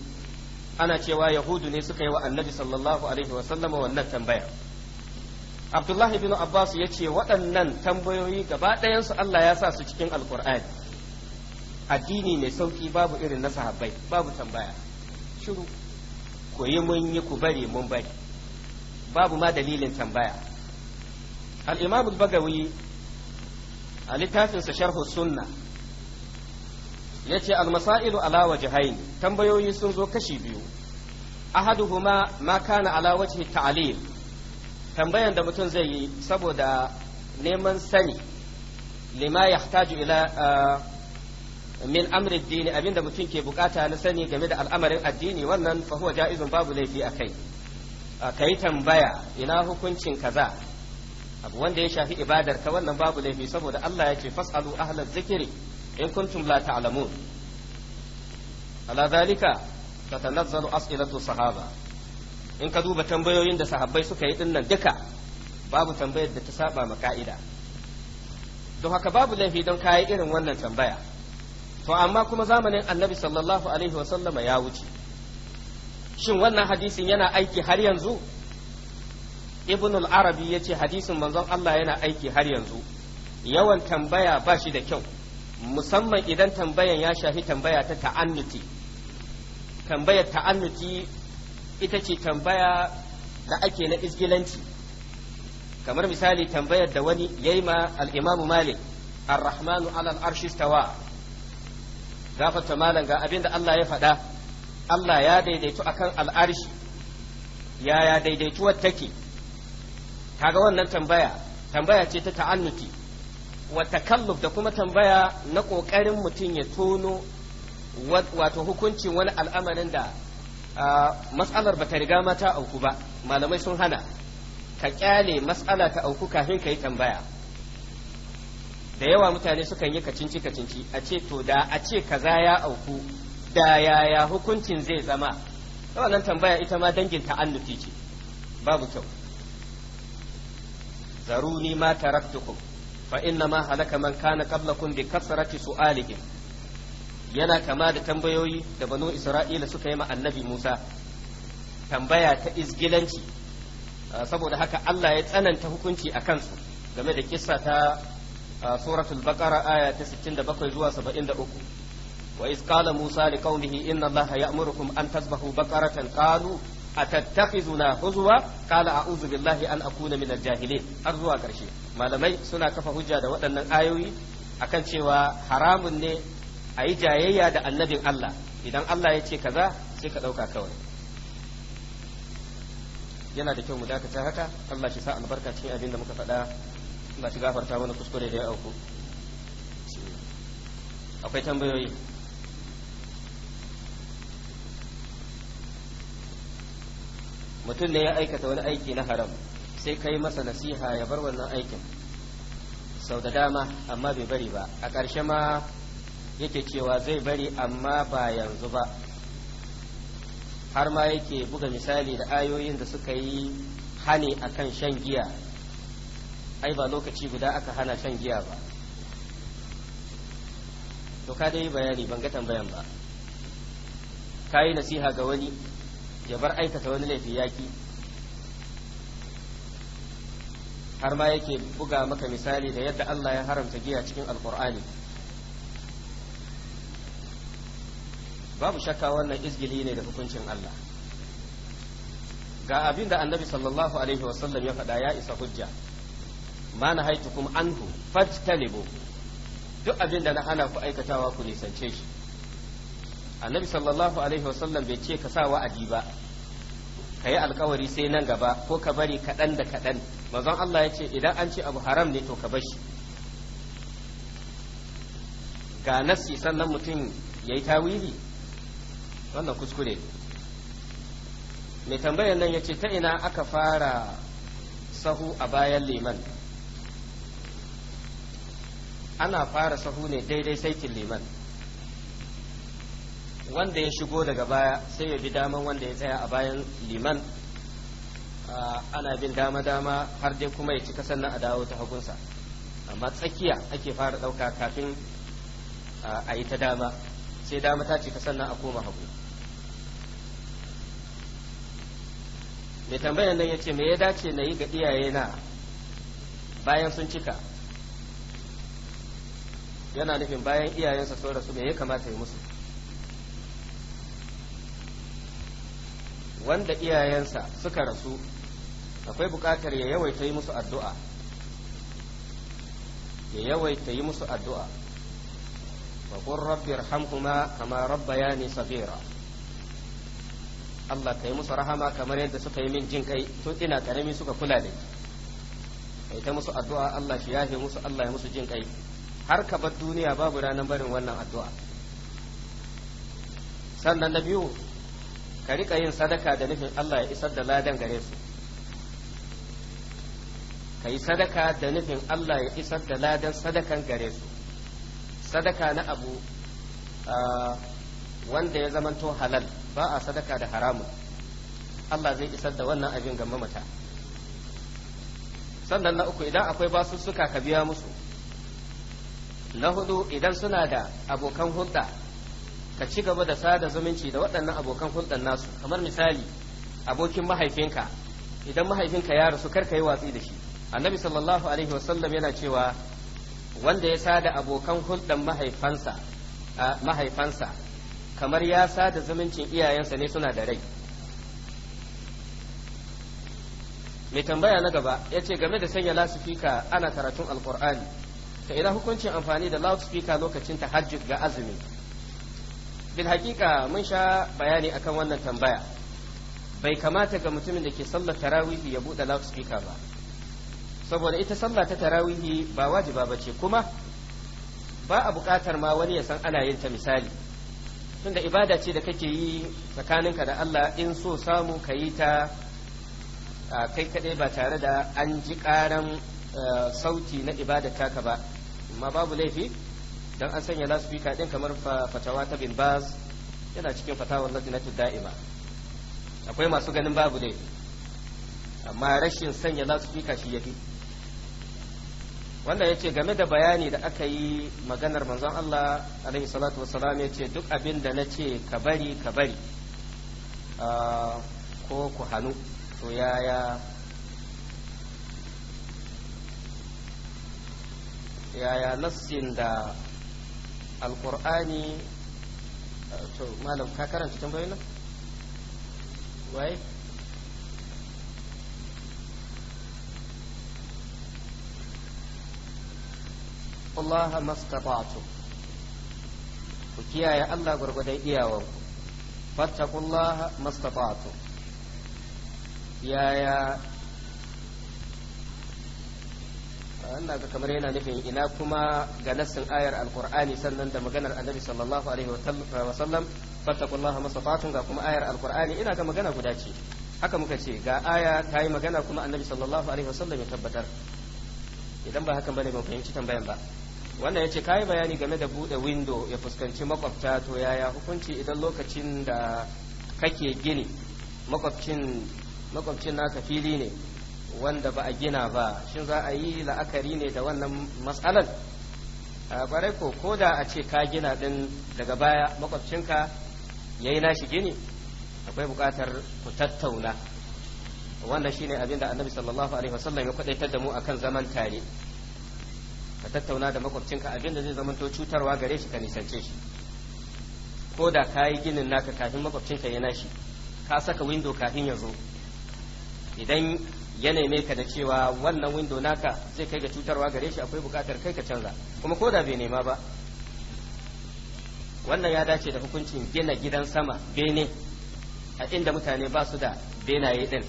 ana cewa yahudu ne suka yi wa annabi sallallahu alaihi wa sallama wannan tambayar abdullahi bin abbas ya ce waɗannan tambayoyi gaba ɗayansu allah ya sa su cikin alkur'ani addini mai sauƙi babu irin na sahabbai babu tambaya shiru ku yi mun yi ku bari mun bari babu ma dalilin tambaya al-imam bagawi a littafinsa sharhu sunna ya ce almasa'ilu ala wajhain tambayoyi sun zo kashi biyu ahaduhuma ma kana ala wajhi ta'lil tambayan da mutum zai yi saboda neman sani lima yahtaju ila min amri dini abinda mutum ke bukata na sani game da al'amarin addini wannan fa huwa ja'izun babu laifi akai kai tambaya ina hukuncin kaza abu wanda ya shafi ibadar ka wannan babu laifi saboda Allah ya ce fasalu ahlaz zikiri in kuntum la ta'lamun ala dhalika tatanazzalu as'ilatu sahaba in ka duba tambayoyin da sahabbai suka yi dinnan duka babu tambayar da ta saba ma ka'ida don haka babu laifi don kayi irin wannan tambaya to amma kuma zamanin annabi sallallahu alaihi wa sallama ya wuce shin wannan hadisin yana aiki har yanzu ibn arabi ya ce hadisin manzon Allah yana aiki har yanzu yawan tambaya ba shi da kyau musamman idan tambayan ya shafi tambaya ta ta'annuti tambayar ta'annuti ita ce tambaya da ake na izgilanci kamar misali tambayar da wani yayi ma al-Imam Malik ar-Rahmanu 'ala al-arshi istawa gafarta malam ga abinda Allah ya faɗa Allah ya daidaitu akan al'arshi yaya daidaituwar take kaga wannan tambaya tambaya ce ta ta'annuti wa takalluf da kuma tambaya na ƙoƙarin mutum ya tono wato hukuncin wani al'amarin da matsalar bata riga mata auku ba malamai sun hana ka kyale matsala ta auku kafin ka yi tambaya da yawa mutane sukan yi kacinci kacinci a ce to da a ce kaza ya auku da yaya hukuncin zai zama wannan tambaya ita ma dangin ta'annuti ce babu kyau zaruni ma taraktukum fa inna ma halaka man kana qablakum bi kasrati su'alihim yana kama da tambayoyi da banu isra'ila suka yi ma annabi musa tambaya ta izgilanci ah, saboda haka allah ya tsananta hukunci a kansu game da kissa ta ah, suratul baqara aya ta 67 zuwa 73 wa qala musa li qaumihi inna allaha ya'murukum an tasbahu baqaratan qalu atattakhizuna huzwa qala a'udhu billahi an akuna minal jahilin har zuwa karshe malamai suna kafa hujja da waɗannan ayoyi akan cewa haramun ne a yi jayayya da annabin Allah idan Allah ya ce kaza sai ka ɗauka kawai yana da kyau mu dakata haka Allah shi sa albarka cikin abin da muka faɗa ba shi gafarta mana kuskure da ya auku akwai tambayoyi mutum ne ya aikata wani aiki na haram sai kai masa nasiha ya bar wannan aikin sau da dama amma bai bari ba a ƙarshe ma yake cewa zai bari amma ba yanzu ba har ma yake buga misali da ayoyin da suka yi hani akan shan giya ai ba lokaci guda aka hana shan giya ba to ka dai bayani ban ga tambayan ba ka yi nasiha ga wani ya bar aikata wani laifi yaki har ma yake buga maka misali da yadda Allah ya haramta giya cikin alkur'ani babu shakka wannan izgili ne da hukuncin Allah ga abin da annabi sallallahu alaihi wasallam ya faɗa ya isa hujja ma na kuma anhu fajtalibu duk abin da na hana ku aikatawa ku nisance shi annabi sallallahu alaihi wasallam bai ce ka sa wa'adi ba ka yi alkawari sai nan gaba ko ka bari kaɗan da kaɗan manzon Allah ya ce idan an ce abu haram ne to ka bar shi ga nassi sannan mutum ya yi tawili wannan kuskure mai tambayar nan ya ce ta ina aka fara sahu a bayan liman ana fara sahu ne daidai saitin liman wanda ya shigo daga baya sai ya bi daman wanda ya tsaya a bayan liman ana bin dama-dama har dai kuma ya ci sannan a dawo ta hagunsa amma tsakiya ake fara ɗauka kafin a yi ta dama sai dama ta ci sannan a koma hagu mai tambayan nan ya ce me ya dace na yi ga iyaye na bayan sun cika yana nufin bayan iyayensa sun rasu me ya kamata ya musu wanda iyayensa suka rasu akwai bukatar ya yawaita yi musu addu'a ya yawaita yi musu addu'a wa rabbi irhamhuma kama rabbayani safira Allah ka yi musu rahama kamar yadda suka yi min jin kai tun ina karami suka kula da kai ta musu addu'a Allah shi yafe musu Allah ya musu jin kai har ka bar duniya babu ranar barin wannan addu'a sannan na biyu ka rika yin sadaka da nufin Allah ya isar da ladan gare su ka yi sadaka da nufin Allah ya isar da ladan sadakan gare su sadaka na abu ah, wanda ya zamanto halal ba a sadaka da haramun Allah zai isar da wannan abin ga mamata sannan na uku idan akwai basussuka ka biya musu na hudu idan suna da abokan hulɗa ka ci gaba da sada zumunci da waɗannan abokan hulɗan nasu kamar misali abokin mahaifinka idan mahaifinka ya rasu kar ka yi watsi da shi annabi sallallahu alaihi wasallam yana cewa wanda ya sada abokan hulɗan mahaifansa mahaifansa kamar ya da zumuncin iyayensa ne suna da rai mai tambaya na gaba ya ce game da sanya lasifika ana karatun alkur'ani ta ina hukuncin amfani da loudspeaker lokacin tahajjud ga azumi bil hakika mun sha bayani akan wannan tambaya bai kamata ga mutumin da ke sallar tarawihi ya buɗe loudspeaker ba saboda ita sallah ta tarawihi ba wajiba ba ce kuma ba a buƙatar ma wani ya san ana yin ta misali tunda ibada ce da kake yi tsakaninka da Allah in so samu ka yi ta kai kaɗai ba tare da an ji ƙaran sauti na ibada taka ba amma babu laifi don an sanya lasfika ɗin kamar fatawa ta bin bas yana cikin fatawar ladinatu da'ima akwai masu ganin babu laifi amma rashin sanya lasfika shi yafi Wanda yace game da bayani da aka yi maganar manzon Allah alaihi salatu wassalam yace duk abin da nace ka bari ka bari ah, ko ku hanu to yaya yaya nassin da alkur'ani ah, to malam ka karanta tambayoyin nan wai. Allah mastata'tum ku kiyaye Allah gwargwadon iyawanku fattakullah mastata'tum yaya Allah ga kamar yana nufin ina kuma ga nassin ayar alkur'ani sannan da maganar annabi sallallahu alaihi wa sallam fattakullaha mastata'tum ga kuma ayar alkur'ani ina ga magana guda ce haka muka ce ga aya ta yi magana kuma annabi sallallahu alaihi wa sallam ya tabbatar idan ba hakan bane ban fahimci tambayan ba wannan ya ce kayi bayani game da buɗe window ya fuskanci makwabta to yaya hukunci idan lokacin da kake gini makwabcin naka fili ne wanda ba a gina ba shin za a yi la'akari ne da wannan matsalar kwarai ko ko da a ce ka gina din daga baya makwabcinka ya yi nashi gini akwai buƙatar ku tattauna wannan shine abin da annabi sallallahu alaihi wasallam ya kwadaitar da mu akan zaman tare ka tattauna da makwabcinka abinda zai zamanto cutarwa gare shi ka nisance shi ko da ka yi ginin naka kafin makwabcinka ya nashi ka saka windo kafin ya zo idan ya neme ka da cewa wannan windo naka zai kai ga cutarwa gare shi akwai bukatar kai ka canza kuma ko da bai nema ba wannan ya dace da hukuncin gina gidan sama bene a inda mutane ba su da benaye din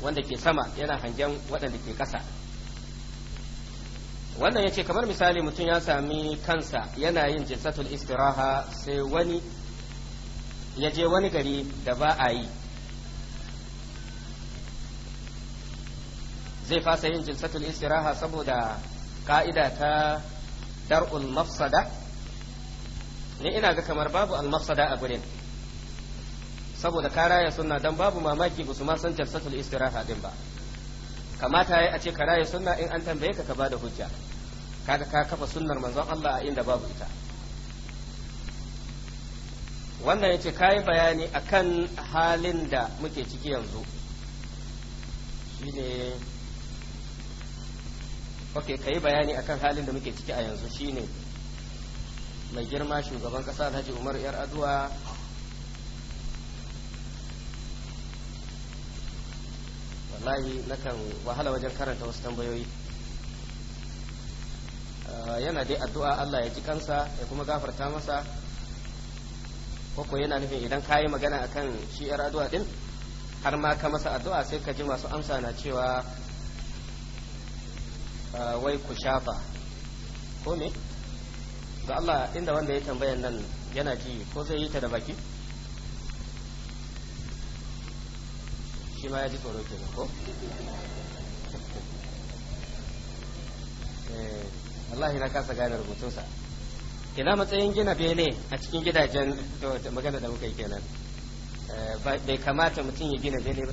wanda ke sama yana hangen waɗanda ke ƙasa wannan yace kamar misali mutum ya sami kansa yana yin jinsatul istiraha sai wani ya je wani gari da ba a yi zai fasa yin jinsatul istiraha saboda ka'ida ta dar'ul mafsada ne ina ga kamar babu al-mafsada a gurin saboda karaya suna don babu mamaki ba su ma san jinsatul istiraha din ba kamata yi a ce ka raye sunna in an tambaye ka ka bada hujja kaga ka kafa sunnar manzon Allah a inda babu ita wannan yace kayi bayani akan halin da muke ciki yanzu shine ok kai bayani akan halin da muke ciki a yanzu shine mai girma shugaban kasa Alhaji Umar Yar Aduwa wallahi nakan wahala wajen karanta wasu tambayoyi ah, yana dai addu'a Allah ya ji kansa ya kuma gafarta masa koko yana nufin idan ka yi magana akan shi yar addu'a din har ma ka masa addu'a sai ka ji masu amsa na cewa ah, wai ku shafa ko ne ga Allah inda wanda ya tambayan nan yana ji ko zai yi ta da baki shi ma ya ji tsoro kenan ko Allah na kasa gane rubutunsa ina matsayin gina bene a cikin gidajen magana da muka yi kenan bai kamata mutum ya gina bene ba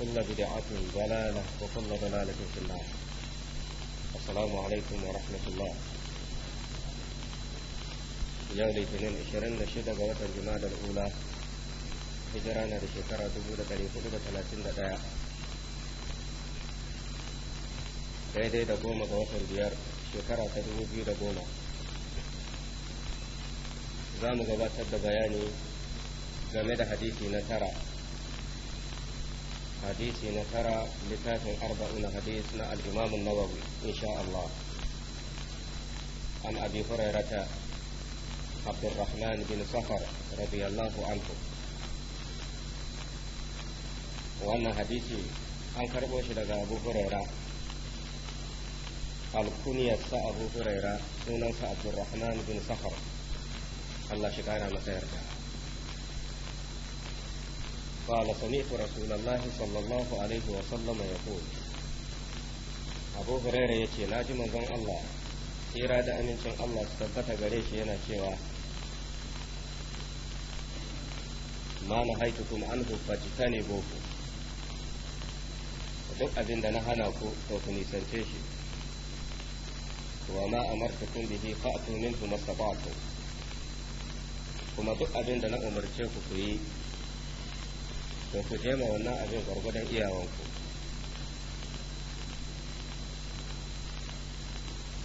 وكل بدعة ضلالة وكل ضلالة في النار السلام عليكم ورحمة الله اليوم الاثنين عشرين نشيد قوة الجماد الأولى هجرانا لشكرة دبودة لفضة ثلاثين دقايا ديدي دقومة قوة البيار شكرة تدبودي دقومة زامو قبات الدبياني جميل حديثي نترى hadisi na tara littafin arba'in hadis na al-imam an an عبد الرحمن بن صخر رضي الله عنه wannan hadisi an karɓo shi daga abu huraira alkuniyarsa abu huraira sunansa abdurrahman bin safar allah shi ƙara masa قال سمعت رسول الله صلى الله عليه وسلم يقول أبو هريرة يتي ناجي من الله tsira da amincin Allah su tabbata gare shi yana cewa ma na haitu kuma ne boko duk abin da na hana ku to ku nisance shi wa ma amarta kun bihi minhu kuma duk abin da na umarce ku ku yi to ku je ma wannan abin gwargwadon iyawanku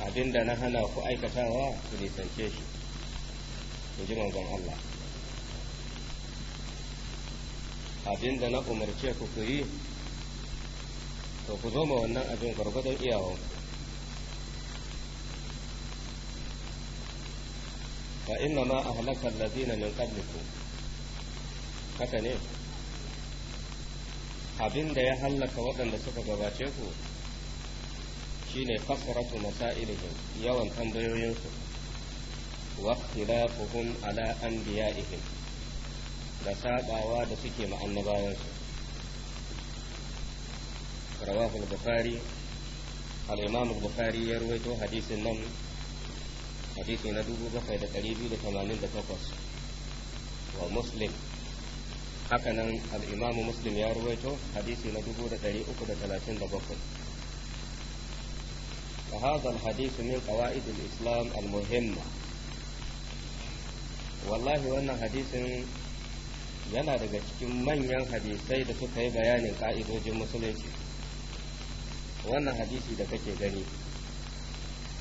abin da na hana ku aikatawa ku nisance shi ku ji manzon Allah abin da na umarce ku ku yi to ku zo ma wannan abin gwargwadon iyawanku fa inna ma ahlaka allazina min qablikum haka ne abin da ya hallaka waɗanda suka gabace ku shine kasratu masailihim yawan tambayoyinsu wa ikhtilafuhum ala anbiya'ihim da sabawa da suke ma annabawansu rawahu al-bukhari al-imam al-bukhari ya rawaito hadisin nan hadisi na takwas wa muslim hakanan al'imamu muslim ya ruwaito hadisi na da talatin 337 hadisi min من islam al-muhimma wallahi wannan hadisin yana daga cikin manyan hadisai da suka yi bayanin ka'idojin musulunci wannan hadisi da kake gani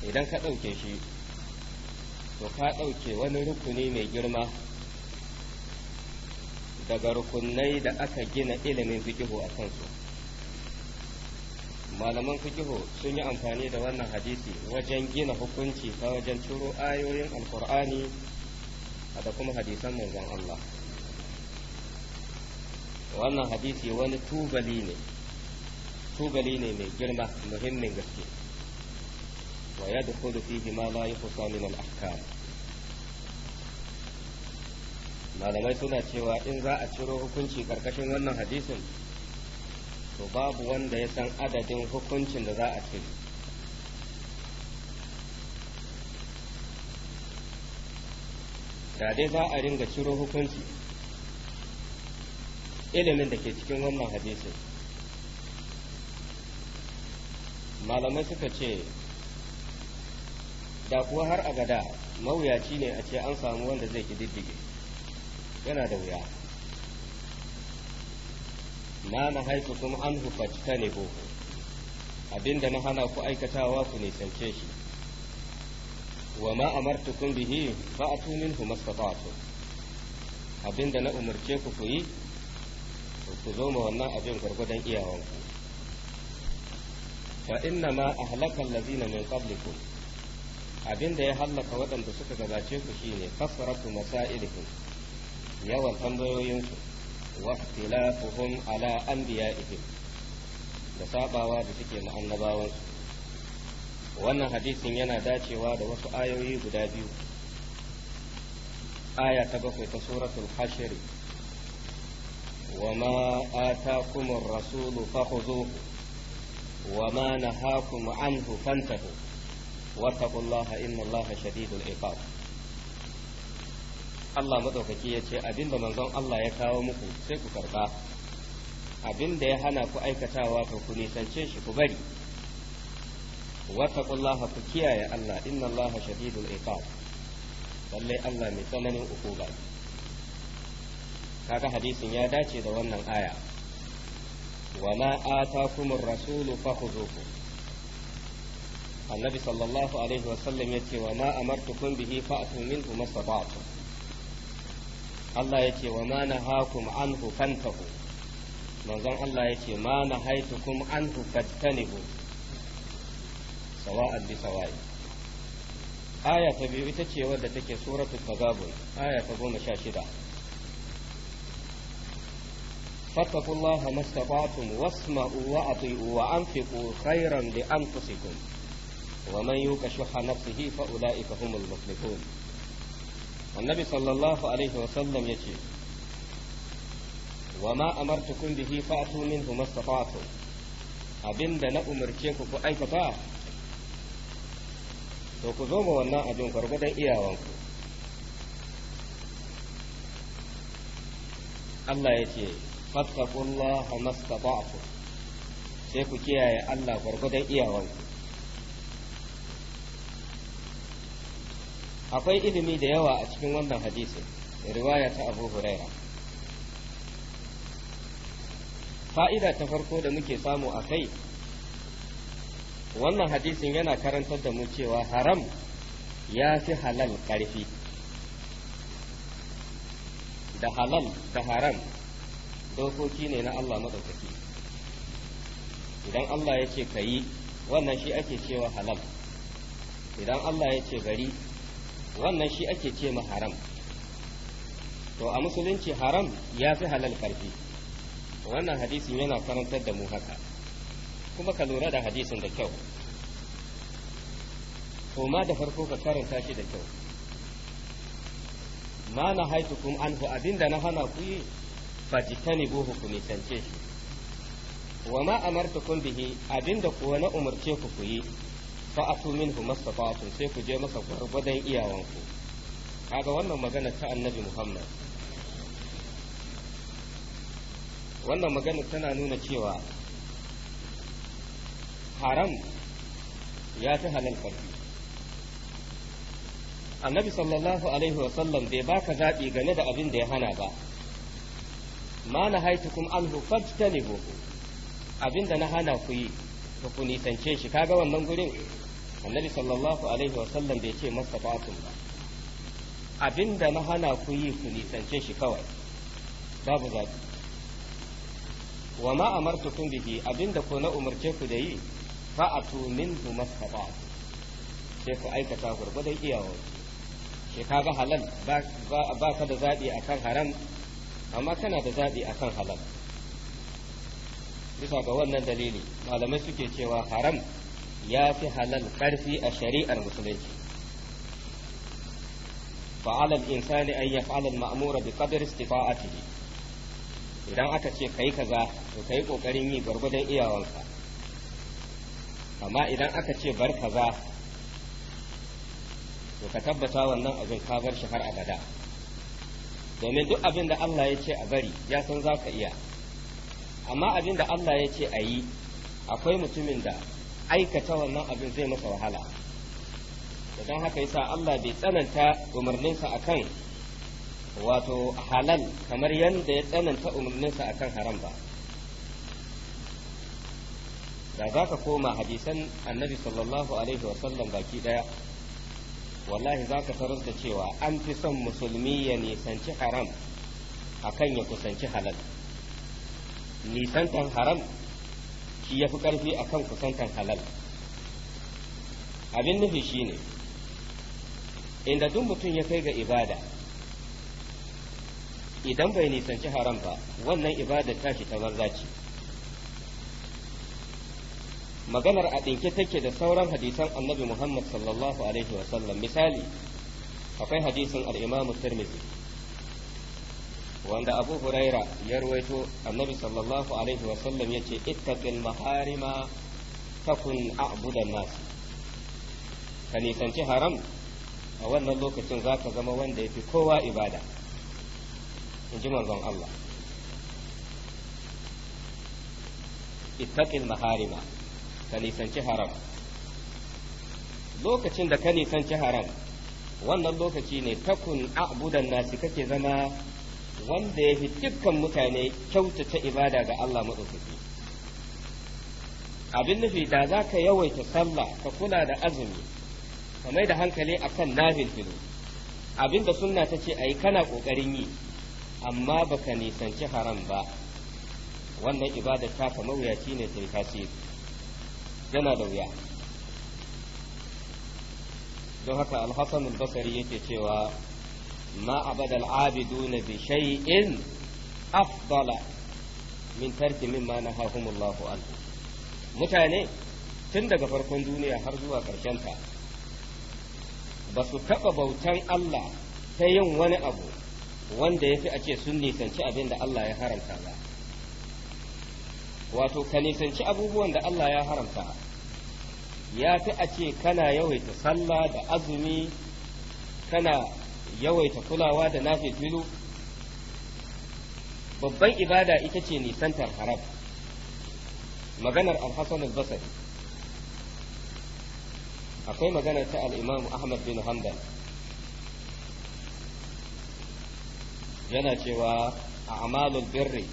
idan ka ɗauke shi to ka ɗauke wani rukuni mai girma daga rukunai da aka gina ilimin fikihu a kansu malaman fikihu sun yi amfani da wannan hadisi wajen gina hukunci ta wajen turo ayoyin alkur'ani da kuma hadisan manzon Allah wannan hadisi wani tubali ne tubali ne mai girma muhimmin gaske wa yadkhulu fihi ma la yuhsa min al-ahkam malamai suna cewa in za a ciro hukunci karkashin wannan hadisin to babu wanda ya san adadin hukuncin da za a cire da dai za a ringa ciro hukunci ilimin da ke cikin wannan hadisin malamai suka ce da kuwa har a gada mawuyaci ne a ce an samu wanda zai ƙididdige yana da wuya na na haifu kuma an hufacita ne boko abinda na hana ku aikatawa ku nisance shi wa ma amartukum bihi fa atu minhu mastata'tu abinda na umarce ku ku yi ku zo ma wannan abin gwargwadon iyawanku fa inna ma ahlaka lazina min qablikum abinda ya hallaka waɗanda suka gabace ku shine masa masailikum yawan tambayoyinsu واختلافهم على أنبيائهم da sabawa da suke annabawansu wannan hadisin yana dacewa da wasu ayoyi guda biyu aya ta bakwai ta suratul hashiri wa ma atakumur rasulu fakhuzuhu wa ma nahakum anhu fantahu wattaqullaha innallaha shadidul iqab Allah maɗaukaki ya ce abin da manzon Allah ya kawo muku sai ku karɓa abin da ya hana ku aikatawa to ku nisance shi ku bari wattaqullaha ku kiyaye Allah inna Allah shadidul iqab lalle Allah mai tsananin ukuba kaga hadisin ya dace da wannan aya wa ma atakumur rasulu fakhuzuhu annabi sallallahu alaihi wasallam yace wa ma amartukum bihi fa'tu minhu mastata'tum Allah yake wa ma nahakum anhu fantahu manzon Allah yake ma nahaitukum anhu fattanihu sawa'an bi sawa'i aya ta biyu ita ce wadda take suratul tagabun aya ta goma sha shida فاتقوا الله ما استطعتم واسمعوا واطيعوا وانفقوا خيرا لانفسكم ومن يوق شح نفسه فاولئك هم المفلحون annabi sallallahu alaihi wasallam ya ce wa ma amartukum bihi fa'tu minhu mastata'tu abinda na umarce ku ku aikata to ku zo ma wannan abin gwargwadon iyawanku Allah ya ce fattaqullaha mastata'tu sai ku kiyaye Allah gwargwadon iyawanku akwai ilimi da yawa a cikin wannan hadisin riwaya ta abu huraira fa'ida ta farko da muke samu a kai wannan hadisin yana karantar da mu cewa haram ya fi halal karfi. da halal da haram dokoki ne na Allah maɗaukaki idan Allah ya ce ka yi wannan shi ake cewa halal idan Allah ya ce bari wannan shi ake ce ma haram to a musulunci haram ya fi halal karfi wannan hadisin yana karantar da mu haka kuma ka lura da hadisin da kyau to ma da farko ka karanta shi da kyau ma na an anhu abinda na hana ku yi fajitani buhu ku nisance shi wa ma amartukum bihi abinda kuwa na umarce ku ku yi fa'atu minhu mastata'tum sai ku je masa gwargwadon iyawanku kaga wannan magana ta annabi Muhammad wannan magana tana nuna cewa haram ya ta halal ƙarfi annabi sallallahu alaihi wasallam bai baka zaɓi game da abin da ya hana ba ma na kuma anhu ne abin da na hana ku yi ku nisance shi kaga wannan gurin annabi sallallahu alaihi wasallam bai ce mastata'atun ba abinda na hana ku yi ku nisance shi kawai babu zaɓi wa ma amartukum bihi abinda ko na umarce ku da yi min minhu mastata'atun sai ku aikata gurgudan iyawar shi ka ga halal ba ka da zaɓi akan haram amma kana da zaɓi akan halal bisa ga wannan dalili malamai suke cewa haram ya fi halal ƙarfi a shari'ar musulunci fa'alar insani an yaf'alal ma'mura bi qadri istifa'atihi idan aka ce kai kaza to kai kokarin yi gwargwadon iyawanka amma idan aka ce bar kaza to ka tabbata wannan abin ka bar shi har abada domin duk abin da Allah ya ce a bari ya san za ka iya amma abin da Allah ya ce a yi akwai mutumin da aikata wannan abin zai masa wahala don haka yasa Allah bai tsananta umarninsa akan wato halal kamar yadda ya tsananta umarninsa akan haram ba da za ka koma hadisan annabi sallallahu alaihi wasallam baki daya wallahi za ka da cewa an fi son musulmi ya nisanci haram akan ya kusanci halal nisantan haram shi ya fi ƙarfi a kan kusantan halal abin nufi shi ne inda duk mutum ya kai ga ibada idan bai nisanci haram ba wannan ta shi ta banza ce maganar a ɗinke take da sauran hadisan annabi muhammad sallallahu alaihi wasallam misali akwai hadisin al'imamu tirmidhi wanda abu huraira ya ruwaito annabi sallallahu alaihi wasallam ya ce ittaqil maharima takun a'budan nas ka nisanci haram a wannan lokacin za ka zama wanda ya fi kowa ibada in ji manzon Allah ittaqil maharima ka nisanci haram lokacin da ka nisanci haram wannan lokaci ne takun a'budan nasi kake zama wanda ya fi dukkan mutane kyautata ibada ga Allah maɗaukaki abin nufi da za ka yawaita sallah ka kula da azumi ka mai da hankali a kan nafilfilu abin da sunna ta ce a yi kana ƙoƙarin yi amma baka nisanci haram ba wannan ibada ta ka mawuyaci ne ta yi tasiri yana da wuya don haka alhassan basari yake cewa ما عبد العابدون بشيء أفضل من ترك مما mutane tun daga farkon duniya har zuwa ta ba su taɓa bautan Allah ta yin wani abu wanda ya fi a ce sun nisanci abin Allah ya haramta ba wato ka nisanci abubuwan da Allah ya haramta ya fi a ce kana yawaita sallah da azumi kana yawaita kulawa da nafifilu babban ibada ita ce nisantar haram maganar al-hasan al-basri akwai maganar ta al-imam ahmad bin hanbal yana cewa a'malul birri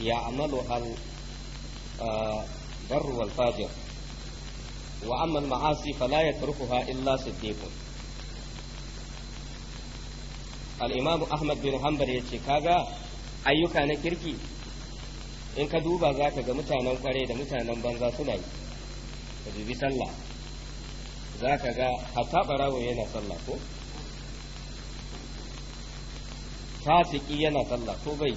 ya amalu al barru wal fajir wa amma al ma'asi fala yatrukuha illa siddiqun al'imamu ahmad bin hanbal ya ce kaga ayyuka na kirki in ka duba za ka ga mutanen kware da mutanen banza suna yi ka dubi sallah za ka ga hatta ɓarawo yana sallah ko fasiki yana sallah ko bai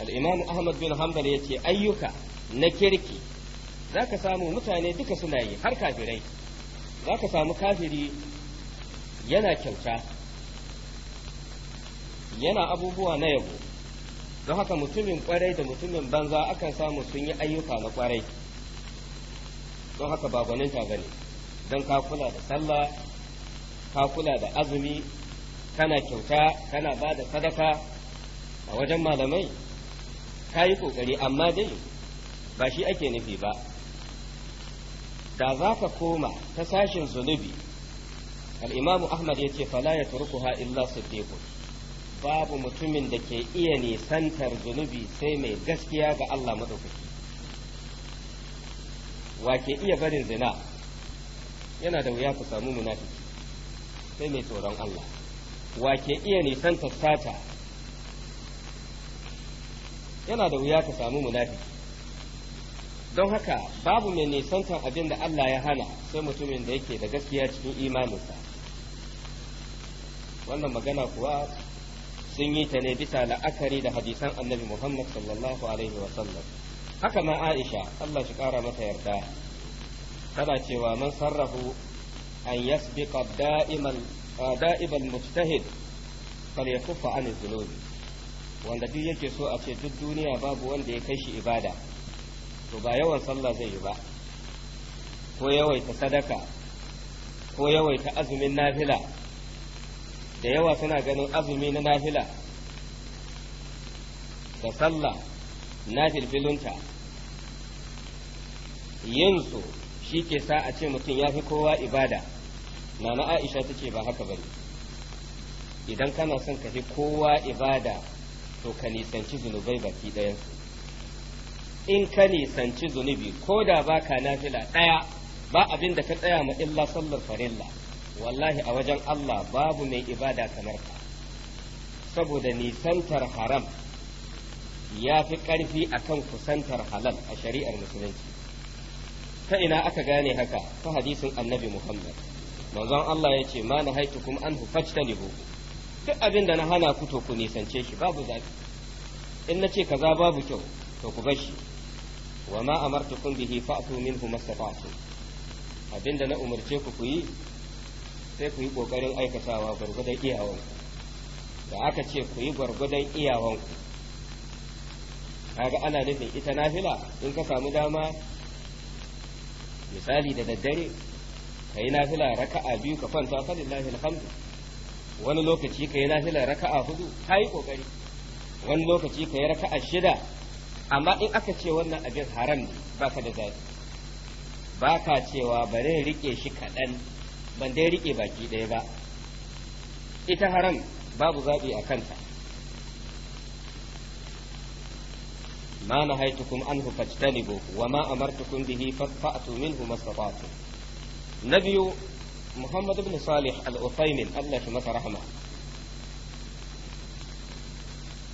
al'imamu ahmad bin hanbal ya ce ayyuka na kirki za ka samu mutane duka suna yi har kafirai za ka samu kafiri yana kyauta yana abubuwa na yabo don haka mutumin kwarai da mutumin banza akan samu sun yi ayyuka na kwarai don haka ba gwaninta ba ne don ka kula da sallah ka kula da azumi kana kyauta kana ba da sadaka a wajen malamai ka yi kokari amma dai ba shi ake nufi ba da za ka koma ta sashin zunubi al-imamu ahmad yace fala yatrukuha illa siddiqun babu mutumin da ke iya nisantar zunubi sai mai gaskiya ga Allah madaukaki wa ke iya barin zina yana da wuya ka samu munafiki sai mai tsoron Allah wa ke iya nisantar sata yana da wuya ka samu munafiki don haka babu mai nisantar abin da Allah ya hana sai mutumin da yake da gaskiya cikin imaninsa wannan magana kuwa sun yi ta ne bisa la'akari da hadisan annabi Muhammad sallallahu alaihi wa sallam haka ma Aisha Allah shi kara mata yarda tana cewa man sarrafu an yasbiqa da'imal da'ibal mujtahid falyakuffa an dhunubi wanda duk yake so a ce duk duniya babu wanda ya kai shi ibada to ba yawan sallah zai yi ba ko yawaita sadaka ko yawaita azumin nafila da yawa suna ganin azumi na nafila da sallah na filfilunta. yin su shi ke sa a ce mutum ya fi kowa ibada na aisha ta ce ba haka bane idan kana son ka fi kowa ibada to ka nisanci zunubai baki ɗayansu in ka nisanci zunubi ko da ba ka nafila ɗaya ba abin da ka tsaya ma illa sallar farilla wallahi a wajen Allah babu mai ibada kamar ka saboda nisantar haram ya fi ƙarfi akan kusantar halal a shari'ar musulunci ta ina aka gane haka ta hadisin annabi Muhammad manzon Allah ya ce ma na kuma an fajtanibu duk abin da na hana ku to ku nisance shi babu zafi in nace kaza babu kyau to ku bashi. wa ma amartukum bihi fa'tu minhu mastata'tum abinda na umarce ku ku yi sai ku yi ƙoƙarin aikatawa gwargwadon iyawan da aka ce ku yi gwargwadon iyawan kaga ana nufin ita nafila in ka samu dama misali da daddare ka yi nafila raka'a biyu ka kwanta falillahi alhamdu wani lokaci ka yi nafila raka'a hudu ka yi ƙoƙari wani lokaci ka yi raka'a shida amma in aka ce wannan abin haram ne baka da zafi baka cewa bari rike shi kaɗan ban dai riƙe baki ɗaya ba ita haram babu zaɓi a kanta ma an anhu fajtanibu wa ma amartukum bihi min minhu mastata'tum na biyu muhammad ibn salih al-uthaymin Allah shi masa rahma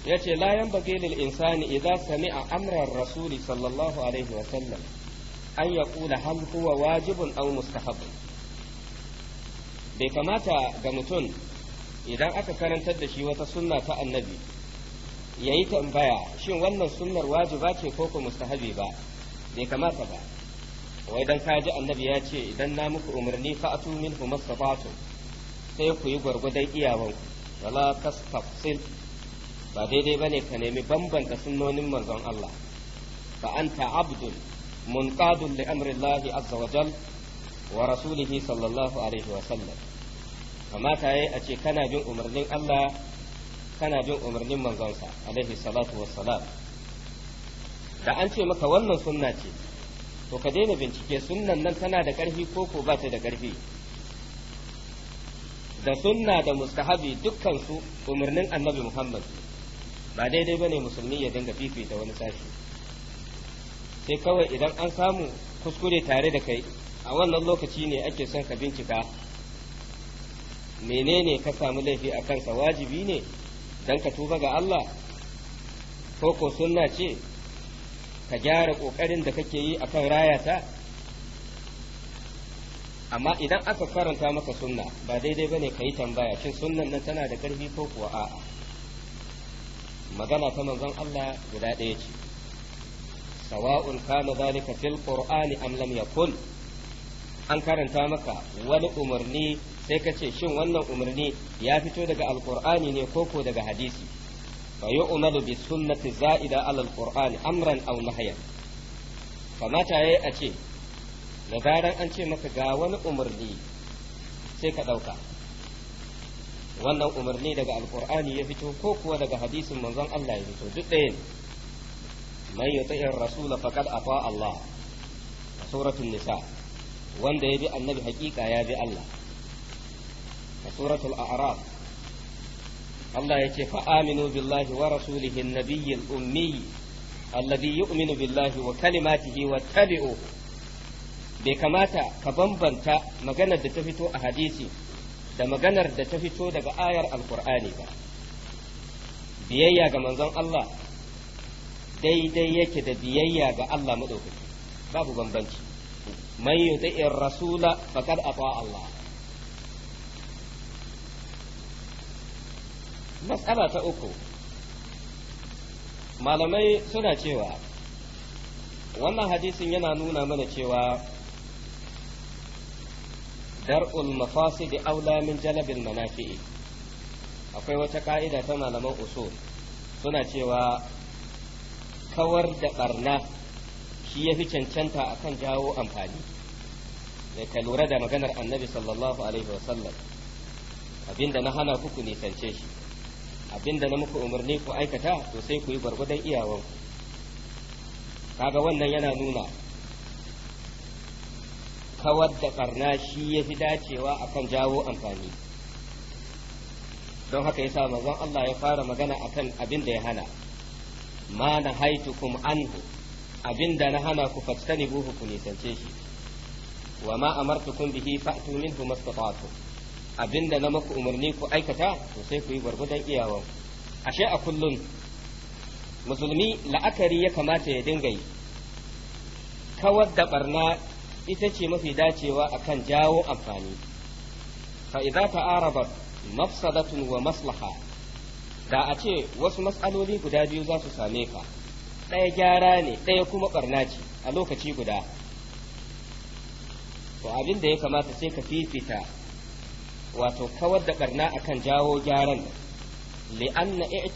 yace la yanbaghi lil insani idza sami'a amran rasuli sallallahu alaihi wa sallam an yaqula hal huwa wajibun aw mustahabun bai kamata ga mutum idan aka karantar da shi wata sunna ta annabi ya yi tambaya shin wannan sunnar wajiba ce ko ku mustahabi ba bai kamata ba wai dan kaji annabi ya ce idan na muku umarni fa atu minhu masabatu sai ku yi gwargwadon iyawan wala tastafsil ba daidai bane ka nemi bambanta sunnonin manzon Allah fa anta abdul munqadun li amri Allah azza wa wa rasulihi sallallahu alaihi wa sallam kamata yayi a ce kana bin umarnin Allah kana bin umarnin manzonsa alaihi salatu salam da an ce maka wannan sunna ce to ka daina bincike sunnan nan tana da ƙarfi ko ko ba ta da ƙarfi da sunna da mustahabi dukkan su umarnin annabi Muhammad ba daidai ba ne musulmi ya dinga fifita wani sashi sai kawai idan an samu kuskure tare da kai a wannan lokaci ne ake son ka bincika menene ka samu laifi a kansa wajibi ne don ka tuba ga Allah ko ko sunna ce ka gyara ƙoƙarin da kake yi a kan rayata amma idan aka karanta maka sunna ba daidai ba ne ka yi tambaya shin sunnan nan tana da ƙarfi ko kuwa a'a magana ta manzon Allah guda ɗaya ce sawa'un kana zalika fil qur'ani am lam yakun an karanta maka wani umarni sai ka ce shin wannan umarni ya fito daga alkur'ani ne koko daga hadisi fa yu'malu bi sunnati za'ida ala alqur'ani amran aw nahyan kamata yayi a ce da zaran an ce maka ga wani umarni sai ka dauka wannan umarni daga alkur'ani ya fito ko kuwa daga hadisin manzon Allah ya fito duk ɗaya ne man yuti'ir rasul faqad ata Allah suratul nisa' wanda ya bi annabi hakika ya bi Allah a suratul a'raf Allah ya ce fa aminu billahi wa rasulihi nabiyil ummi alladhi yu'minu billahi wa kalimatihi wa tabi'u bai kamata ka bambanta maganar da ta fito a hadisi da maganar da ta fito daga ayar alkur'ani ba biyayya ga manzon Allah daidai yake da biyayya ga Allah maɗaukaki babu bambanci man yuti'ir rasula faqad ata Allah matsala ta uku malamai suna cewa wannan hadisin yana nuna mana cewa dar'ul mafasid aula min jalabil manafi'i akwai wata ka'ida ta malaman usul suna cewa kawar da barna shi ya fi cancanta a kan jawo amfani ka lura da maganar annabi sallallahu alaihi wasallam abinda na hana ku ku nisance shi abinda na muku umarni ku aikata to sai ku yi gwargwadon iyawan kaga wannan yana nuna kawar da ƙarna shi ya fi dacewa a kan jawo amfani don haka yasa manzon Allah ya fara magana akan abin da ya hana ma na haitukum anhu abin da na hana ku fastani buhu ku nisance shi wa ma kun bihi fa'tu minhu mastata'tu abin da na maku umarni ku aikata to sai ku yi gwargwadon iyawan ashe a kullum musulmi la'akari ya kamata ya dinga yi kawar da barna ita ce mafi dacewa akan jawo amfani fa idza ta'arabat mafsadatun wa maslaha da a ce wasu matsaloli guda biyu za su same ka ɗaya gyara ne ɗaya kuma ɓarna ce a lokaci guda to abin da ya kamata sai ka fifita wato kawar da ɓarna akan jawo gyaran li'an na a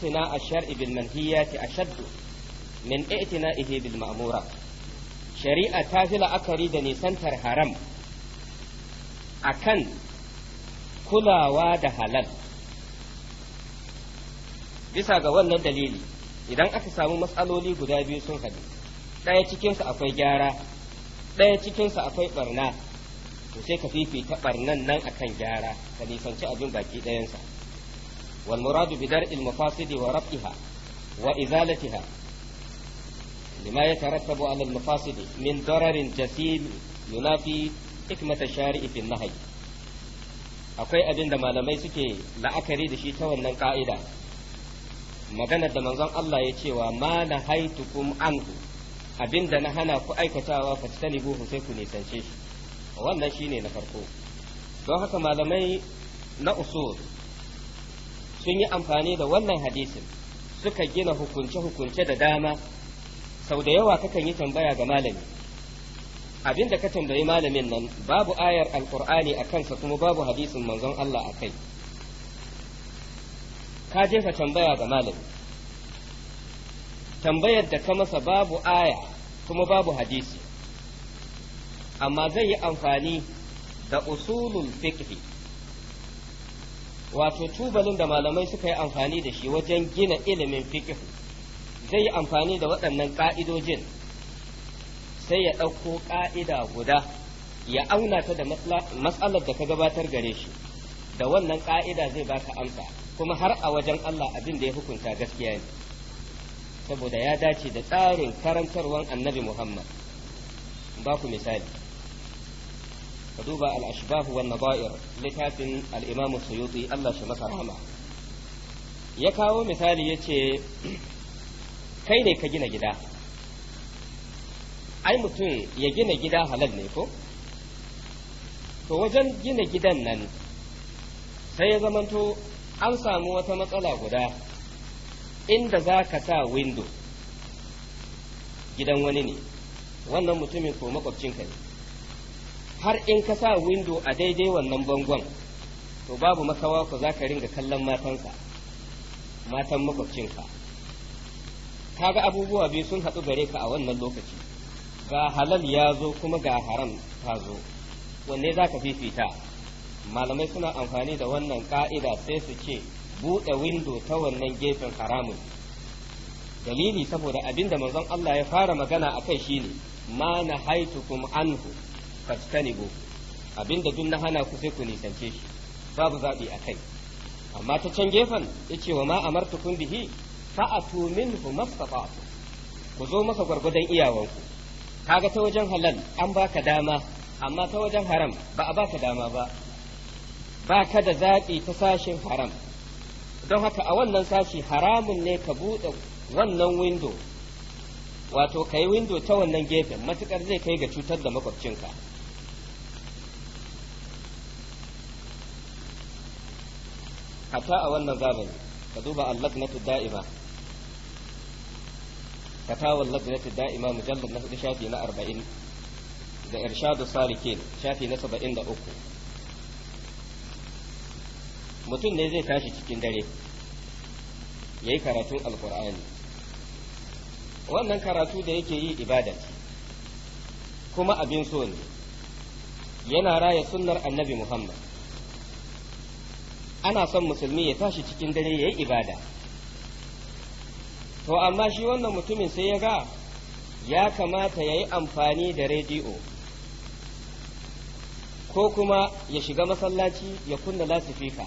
لأن اعتناء itina ihe bil ma'amura shari'a ta fi la'akari da nisantar haram. akan kulawa da halal bisa ga wannan dalili idan aka samu matsaloli guda biyu sun haɗu ɗaya cikinsu akwai gyara ɗaya cikinsu akwai ɓarna to sai ka fifita ɓarnan nan akan gyara ka nisanci abin baki ɗayansa wal muradu bi dar'il mafasidi wa raf'iha wa izalatiha lima yatarattabu 'ala al mafasidi min dararin jasim yunafi hikmata shari'i fi nahyi akwai abinda malamai suke la'akari da shi ta wannan ka'ida maganar da manzon Allah ya cewa ma na haitukum anhu abinda na hana ku aikatawa fastanibu sai ku nisance shi wannan shine na farko don haka malamai na usul sun yi amfani da wannan hadisin suka gina hukunce-hukunce da dama sau da yawa kakan yi tambaya ga malami abinda ka tambayi malamin nan babu ayar alkur'ani a kansa kuma babu hadisin manzon Allah a kai ka je ka tambaya ga malami tambayar da ka masa babu aya kuma babu hadisi amma zai yi amfani da usulun fiqh wato tubalin da malamai suka yi amfani da shi wajen gina ilimin fiqh zai yi amfani da waɗannan ƙa'idojin sai ya ɗauko ƙa'ida guda ya auna ta da matsalar da ka gabatar gare shi da wannan ƙa'ida zai baka amsa kuma har a wajen Allah abin da ya hukunta gaskiya ne saboda ya dace da tsarin karantarwar annabi Muhammad ba ku misali ka duba al-ashbah wa nabair littafin al-imam suyuti Allah shi masa rahama ya kawo misali yace kai ne ka gina gida ai mutum ya gina gida halal ne ko to wajen gina gidan nan sai ya zamanto an samu wata matsala guda inda za ka sa windo gidan wani ne wannan mutumin ko makwabcinka ne har in ka sa windo a daidai wannan bangon to babu makawa ku za ka ringa kallon matansa matan ka ga abubuwa biyu sun haɗu gare ka a wannan lokaci ga halal ya zo kuma ga haram ta zo wanne za ka fifita malamai suna amfani da wannan ka'ida sai su ce buɗe windo ta wannan gefen haramun dalili saboda abinda manzon Allah ya fara magana a kai ne, ma na haitukum anhu fajtanibu abinda duk na hana ku sai ku nisance shi babu zaɓi akai. kai amma ta can gefen yace wa ma amartukum bihi fa'atu minhu mastata'tum ku zo masa gwargwadon iyawanku kaga ta wajen halal an baka dama amma ta wajen haram ba a baka dama ba ba ka da zaɓi ta sashin haram don haka a wannan sashi haramun ne ka buɗe wannan windo wato ka yi windo ta wannan gefen matuƙar zai kai ga cutar da makwabcinka Hata a wannan zamani ka duba allaknatu da'ima fatawar ta da'ima mujallar na hudu shafi na arba'in da irshadu salikin shafi na saba'in da uku mutum ne zai tashi cikin dare ya yi karatun alkur'ani wannan karatu da yake yi ibada kuma abin so ne yana raya sunnar annabi muhammad ana son musulmi ya tashi cikin dare ya yi ibada to amma shi wannan mutumin sai ya ga ya kamata ya yi amfani da rediyo ko kuma ya shiga masallaci ya kunna lasifika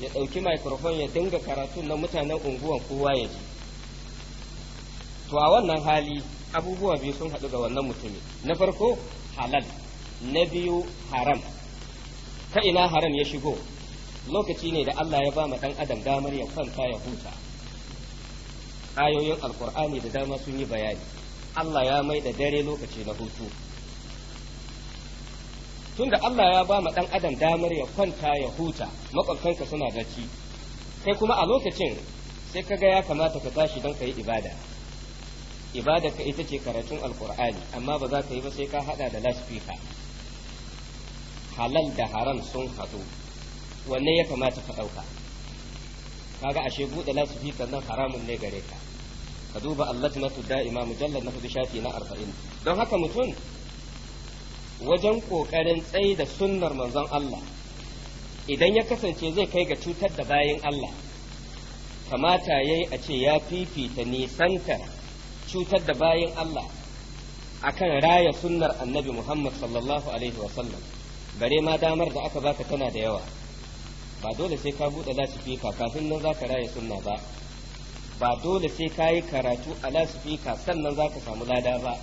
ya ɗauki microphone ya dinga karatu na mutanen unguwan kowa ya ji to a wannan hali abubuwa biyu sun haɗu ga wannan mutumin na farko halal na biyu haram ta ina haram ya shigo lokaci ne da Allah ya ba ma ɗan adam damar ya kwanta ya huta ayoyin alkur'ani da dama sun yi bayani Allah ya mai da dare lokaci na hutu tunda Allah ya ba ma adam damar ya kwanta ya huta makwabtanka suna bacci kai kuma a lokacin sai kaga ya kamata ka tashi don ka yi ibada ibada ka ita ce karatun alkur'ani amma ba za ka yi ba sai ka hada da laspika halal da haram sun haɗu wanne ya kamata ka ɗauka kaga ashe buɗe laspika nan haramun ne gare ka ka duba Allah na tudda imam mujallal na hudu shafi na arba'in don haka mutum wajen ƙoƙarin tsaye da sunnar manzon Allah idan ya kasance zai kai ga cutar da bayan Allah kamata ya yi a ce ya fifita nisantar cutar da bayan Allah akan raya sunnar annabi Muhammad sallallahu alaihi wasallam bare ma damar da aka baka tana da yawa ba dole sai ka buɗe lasifika kafin nan za ka raya sunna ba ba dole sai ka yi karatu a lasifika sannan za ka samu lada ba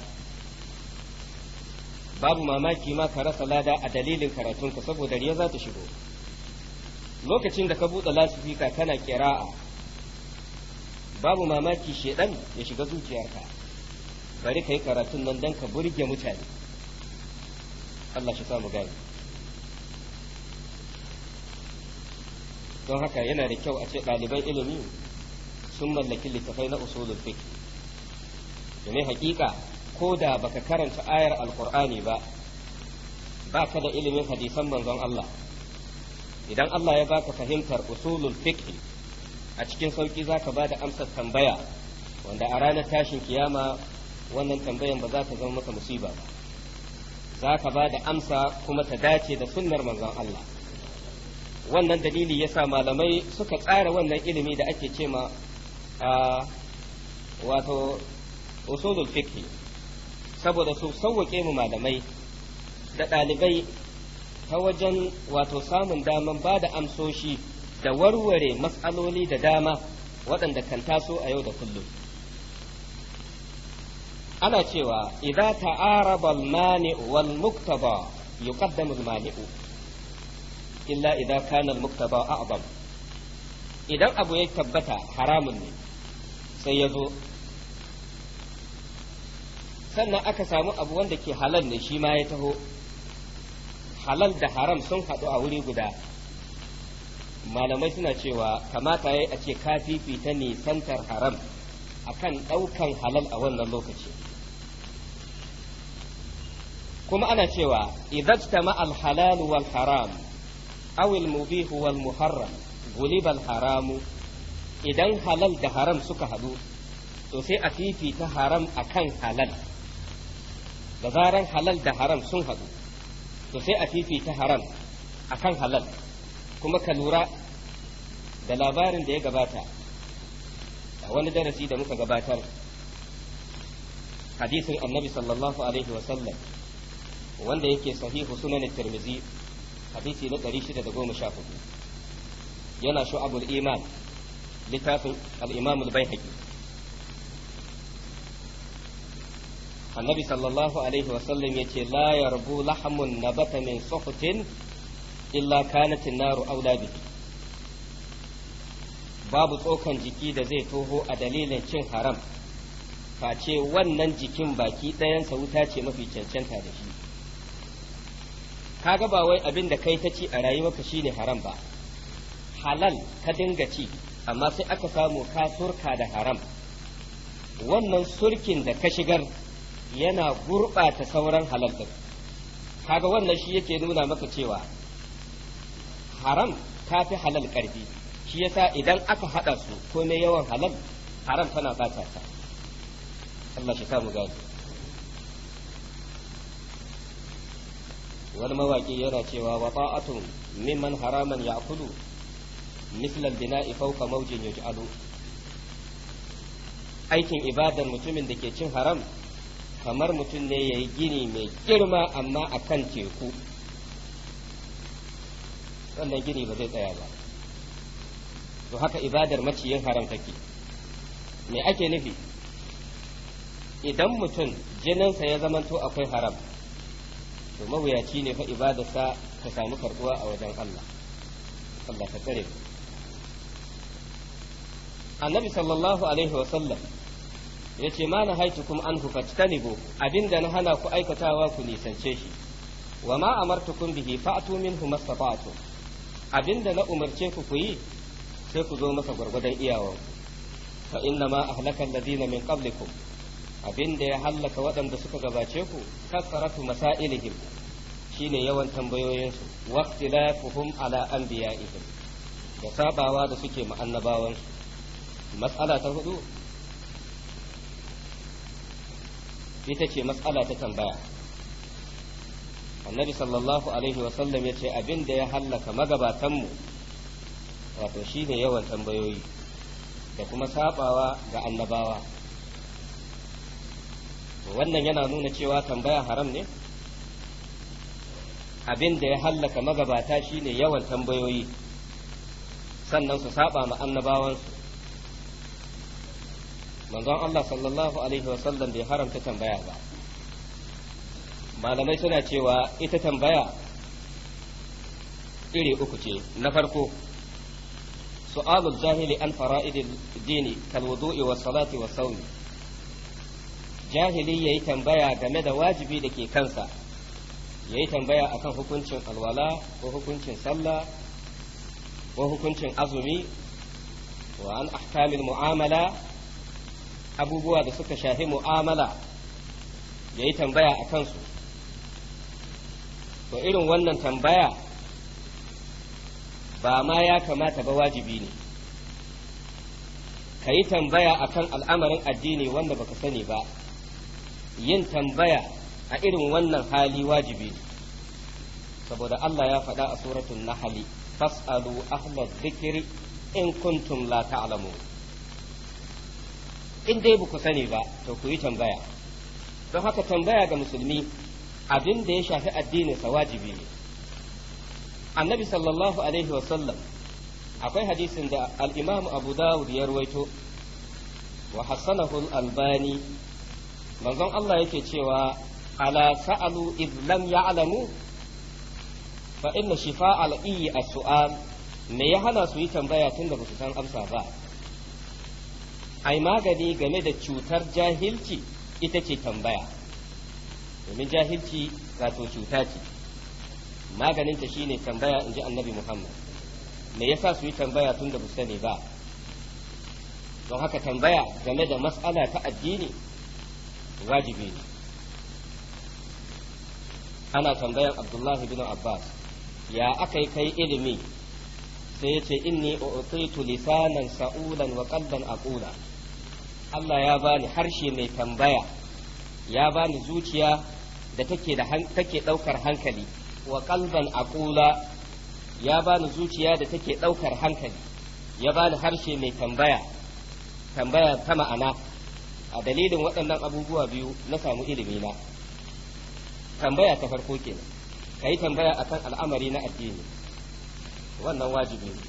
babu mamaki ma ka rasa lada a dalilin karatunka saboda riya za ta shigo lokacin da ka buɗe lasifika kana kira'a babu mamaki shedan ya shiga zuciyarka bari ka yi karatun nan don ka burge mutane Allah shi samu gani don haka yana da kyau a ce ɗaliban ilimi sun mallaki littafai na usulul fiqh domin hakika ko da baka karanta ayar alkur'ani ba ba ka da ilimin hadisan manzon Allah idan Allah ya baka fahimtar usulul fiqh a cikin sauki zaka bada amsar tambaya wanda a ranar tashin kiyama wannan tambayan ba za ta zama maka musiba ba za ka ba da amsa kuma ta dace da sunnar manzon Allah wannan dalili yasa malamai suka tsara wannan ilimi da ake cema wato usulul fiqh saboda su sauwaƙe mu malamai da ɗalibai ta wajen wato samun daman ba da amsoshi da warware matsaloli da dama waɗanda kan taso a yau da kullum ana cewa idza ta'araba al wal muktaba yuqaddamu al-mani'u illa idza kana al-muktaba a'zam idan abu ya tabbata haramun ne sai ya zo sannan aka samu abu wanda ke halal ne shi ma ya taho halal da haram sun haɗu a wuri guda malamai suna cewa kamata ya a ce ka fifita nisantar haram akan ɗaukan halal a wannan lokaci kuma ana cewa ta ma'al halal wal haram awil al wal muharram gulibal haramu idan halal da haram suka haɗu to sai a fifita haram akan halal da zaran halal da haram sun haɗu to sai a fifita haram akan halal kuma ka lura da labarin da ya gabata a wani darasi da muka gabatar hadisin annabi sallallahu alaihi wasallam wanda yake sahihu sunan tirmizi hadisi na 614 yana shu'abul iman littafin al-imam al-baihaqi annabi sallallahu alaihi wasallam ya ce la yarbu lahamun nabata min suhutin illa kanatin naru aula babu tsokan jiki da zai toho a dalilin cin haram face wannan jikin baki ɗayansa wuta ce mafi cancanta da shi kaga ba wai abin da kai ta ci a rayuwarka shine haram ba halal ka dinga ci amma sai aka samu kasurka da haram wannan surkin da ka shigar yana gurɓata sauran halal din kaga wannan shi yake nuna maka cewa haram ta fi halal ƙarfi shi yasa idan aka haɗa su ko ne yawan halal haram tana bata ta Allah shi mu gani wani mawaƙi yana cewa wa ta'atun mimman haraman ya kudu mislal bina'i fawqa ya yaj'alu aikin ibadar mutumin da ke cin haram kamar mutum ne ya yi gini mai girma amma a kan teku wannan gini ba zai tsaya ba to haka ibadar maciyin haram take me ake nufi idan mutum jininsa ya zamanto akwai haram to mawuyaci ne fa ibadarsa ta samu karbuwa a wajen Allah Allah ta tsare annabi sallallahu alaihi wa yace ma na haitukum anhu fattanibu abinda na hana ku aikatawa ku nisance shi wa ma kun bihi fa'tu minhu mastata'tum abinda na umarce ku ku yi sai ku zo masa gwargwadon iyawanku fa inna ma ahlaka alladhina min qablikum abinda ya hallaka waɗanda suka gabace ku kasaratu masailihim shine yawan tambayoyinsu waqtilafuhum ala anbiya'ihim da sabawa da suke ma annabawansu matsala ta hudu ita ce matsala ta tambaya annabi sallallahu alaihi wasallam ya ce abin da ya hallaka magabatanmu wato shi ne yawan tambayoyi da kuma sabawa ga annabawa wannan yana nuna cewa tambaya haram ne abin da ya hallaka magabata shi ne yawan tambayoyi sannan su saba ma annabawansu manzon Allah sallallahu alaihi wasallam bai haramta tambaya ba malamai suna cewa ita tambaya iri uku ce na farko su'alul jahili an fara'idil dini kal wudu'i was salati was sawmi jahili yayi tambaya game da wajibi da ke kansa Ya yi tambaya akan hukuncin alwala ko hukuncin sallah ko hukuncin azumi wa an ahkamil mu'amala abubuwa da suka shafi mu'amala ya yi tambaya a kansu to irin wannan tambaya ba ma ya kamata ba wajibi ne ka yi tambaya a kan al'amarin addini wanda baka sani ba yin tambaya a irin wannan hali wajibi ne saboda Allah ya faɗa a suratun nahali fas'alu ahla zikiri in kuntum la ta'lamun in dai ku sani ba to ku yi tambaya don haka tambaya ga musulmi abin da ya shafi addininsa wajibi ne annabi sallallahu alaihi wasallam akwai hadisin da al'imam abu dawud ya ruwaito wa hassanahu albani manzon Allah yake cewa ala sa'alu lam ya'lamu fa inna shifa al'iyi a sual me ya hana su yi tambaya tunda ba su san amsa ba ai magani game da cutar jahilci ita ce tambaya domin jahilci wato cuta ce maganinta shine tambaya in ji annabi muhammad me yasa su yi tambaya tun da sani ba don haka tambaya game da matsala ta addini wajibi ne ana tambayan abdullahi bin abbas ya aka yi kai ilimi sai ya ce inni u'titu lisanan sa'ulan wa qalban aqula Allah ya bani harshe mai tambaya ya bani zuciya da take da take daukar hankali wa qalban aqula ya bani zuciya da take daukar hankali ya bani harshe mai tambaya tambaya ta ma'ana a dalilin waɗannan abubuwa biyu na samu ilimi na tambaya ta farko kenan kai tambaya akan al'amari na addini wannan wajibi ne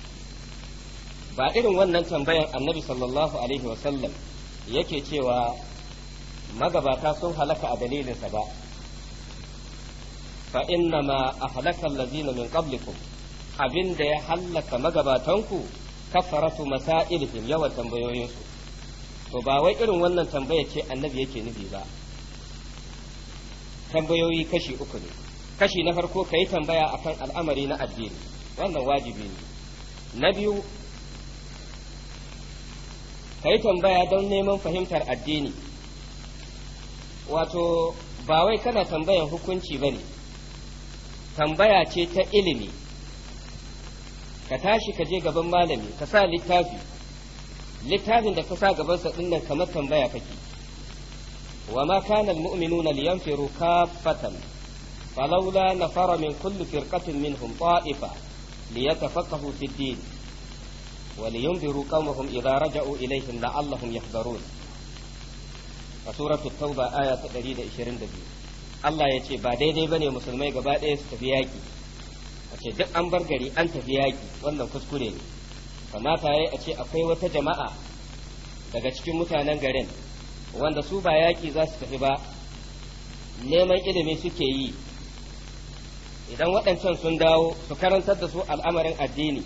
ba irin wannan tambayan annabi sallallahu alaihi wasallam yake cewa magabata sun halaka a dalilinsa ba fa inna ma ahlaka allazina min qablikum abinda ya halaka magabatanku kafaratu masailihim yawan tambayoyinsu to ba wai irin wannan tambaya ce annabi yake nufi ba tambayoyi kashi uku ne kashi na farko ka yi tambaya akan al'amari na addini wannan wajibi ne na biyu ka yi tambaya don neman fahimtar addini wato ba wai kana tambayan hukunci ba ne tambaya ce ta ilimi ka tashi ka je gaban malami ka sa littafi littafin da ka sa gabansa dinnan kamar tambaya kake وما كان المؤمنون لينفروا كافة فلولا نفر من كل فرقة منهم طائفة ليتفقهوا في الدين ولينذروا قومهم إذا رجعوا إليهم لعلهم يحذرون سورة التوبة آية 122 Allah ya ce ba daidai ba ne musulmai gaba ɗaya su tafi yaƙi a ce duk an bar gari an tafi yaƙi wannan kuskure ne kamata ya a ce akwai wata jama'a daga cikin mutanen garin wanda su ba yaƙi za su tafi ba neman ilimi suke yi idan waɗancan sun dawo su karantar da su al'amarin addini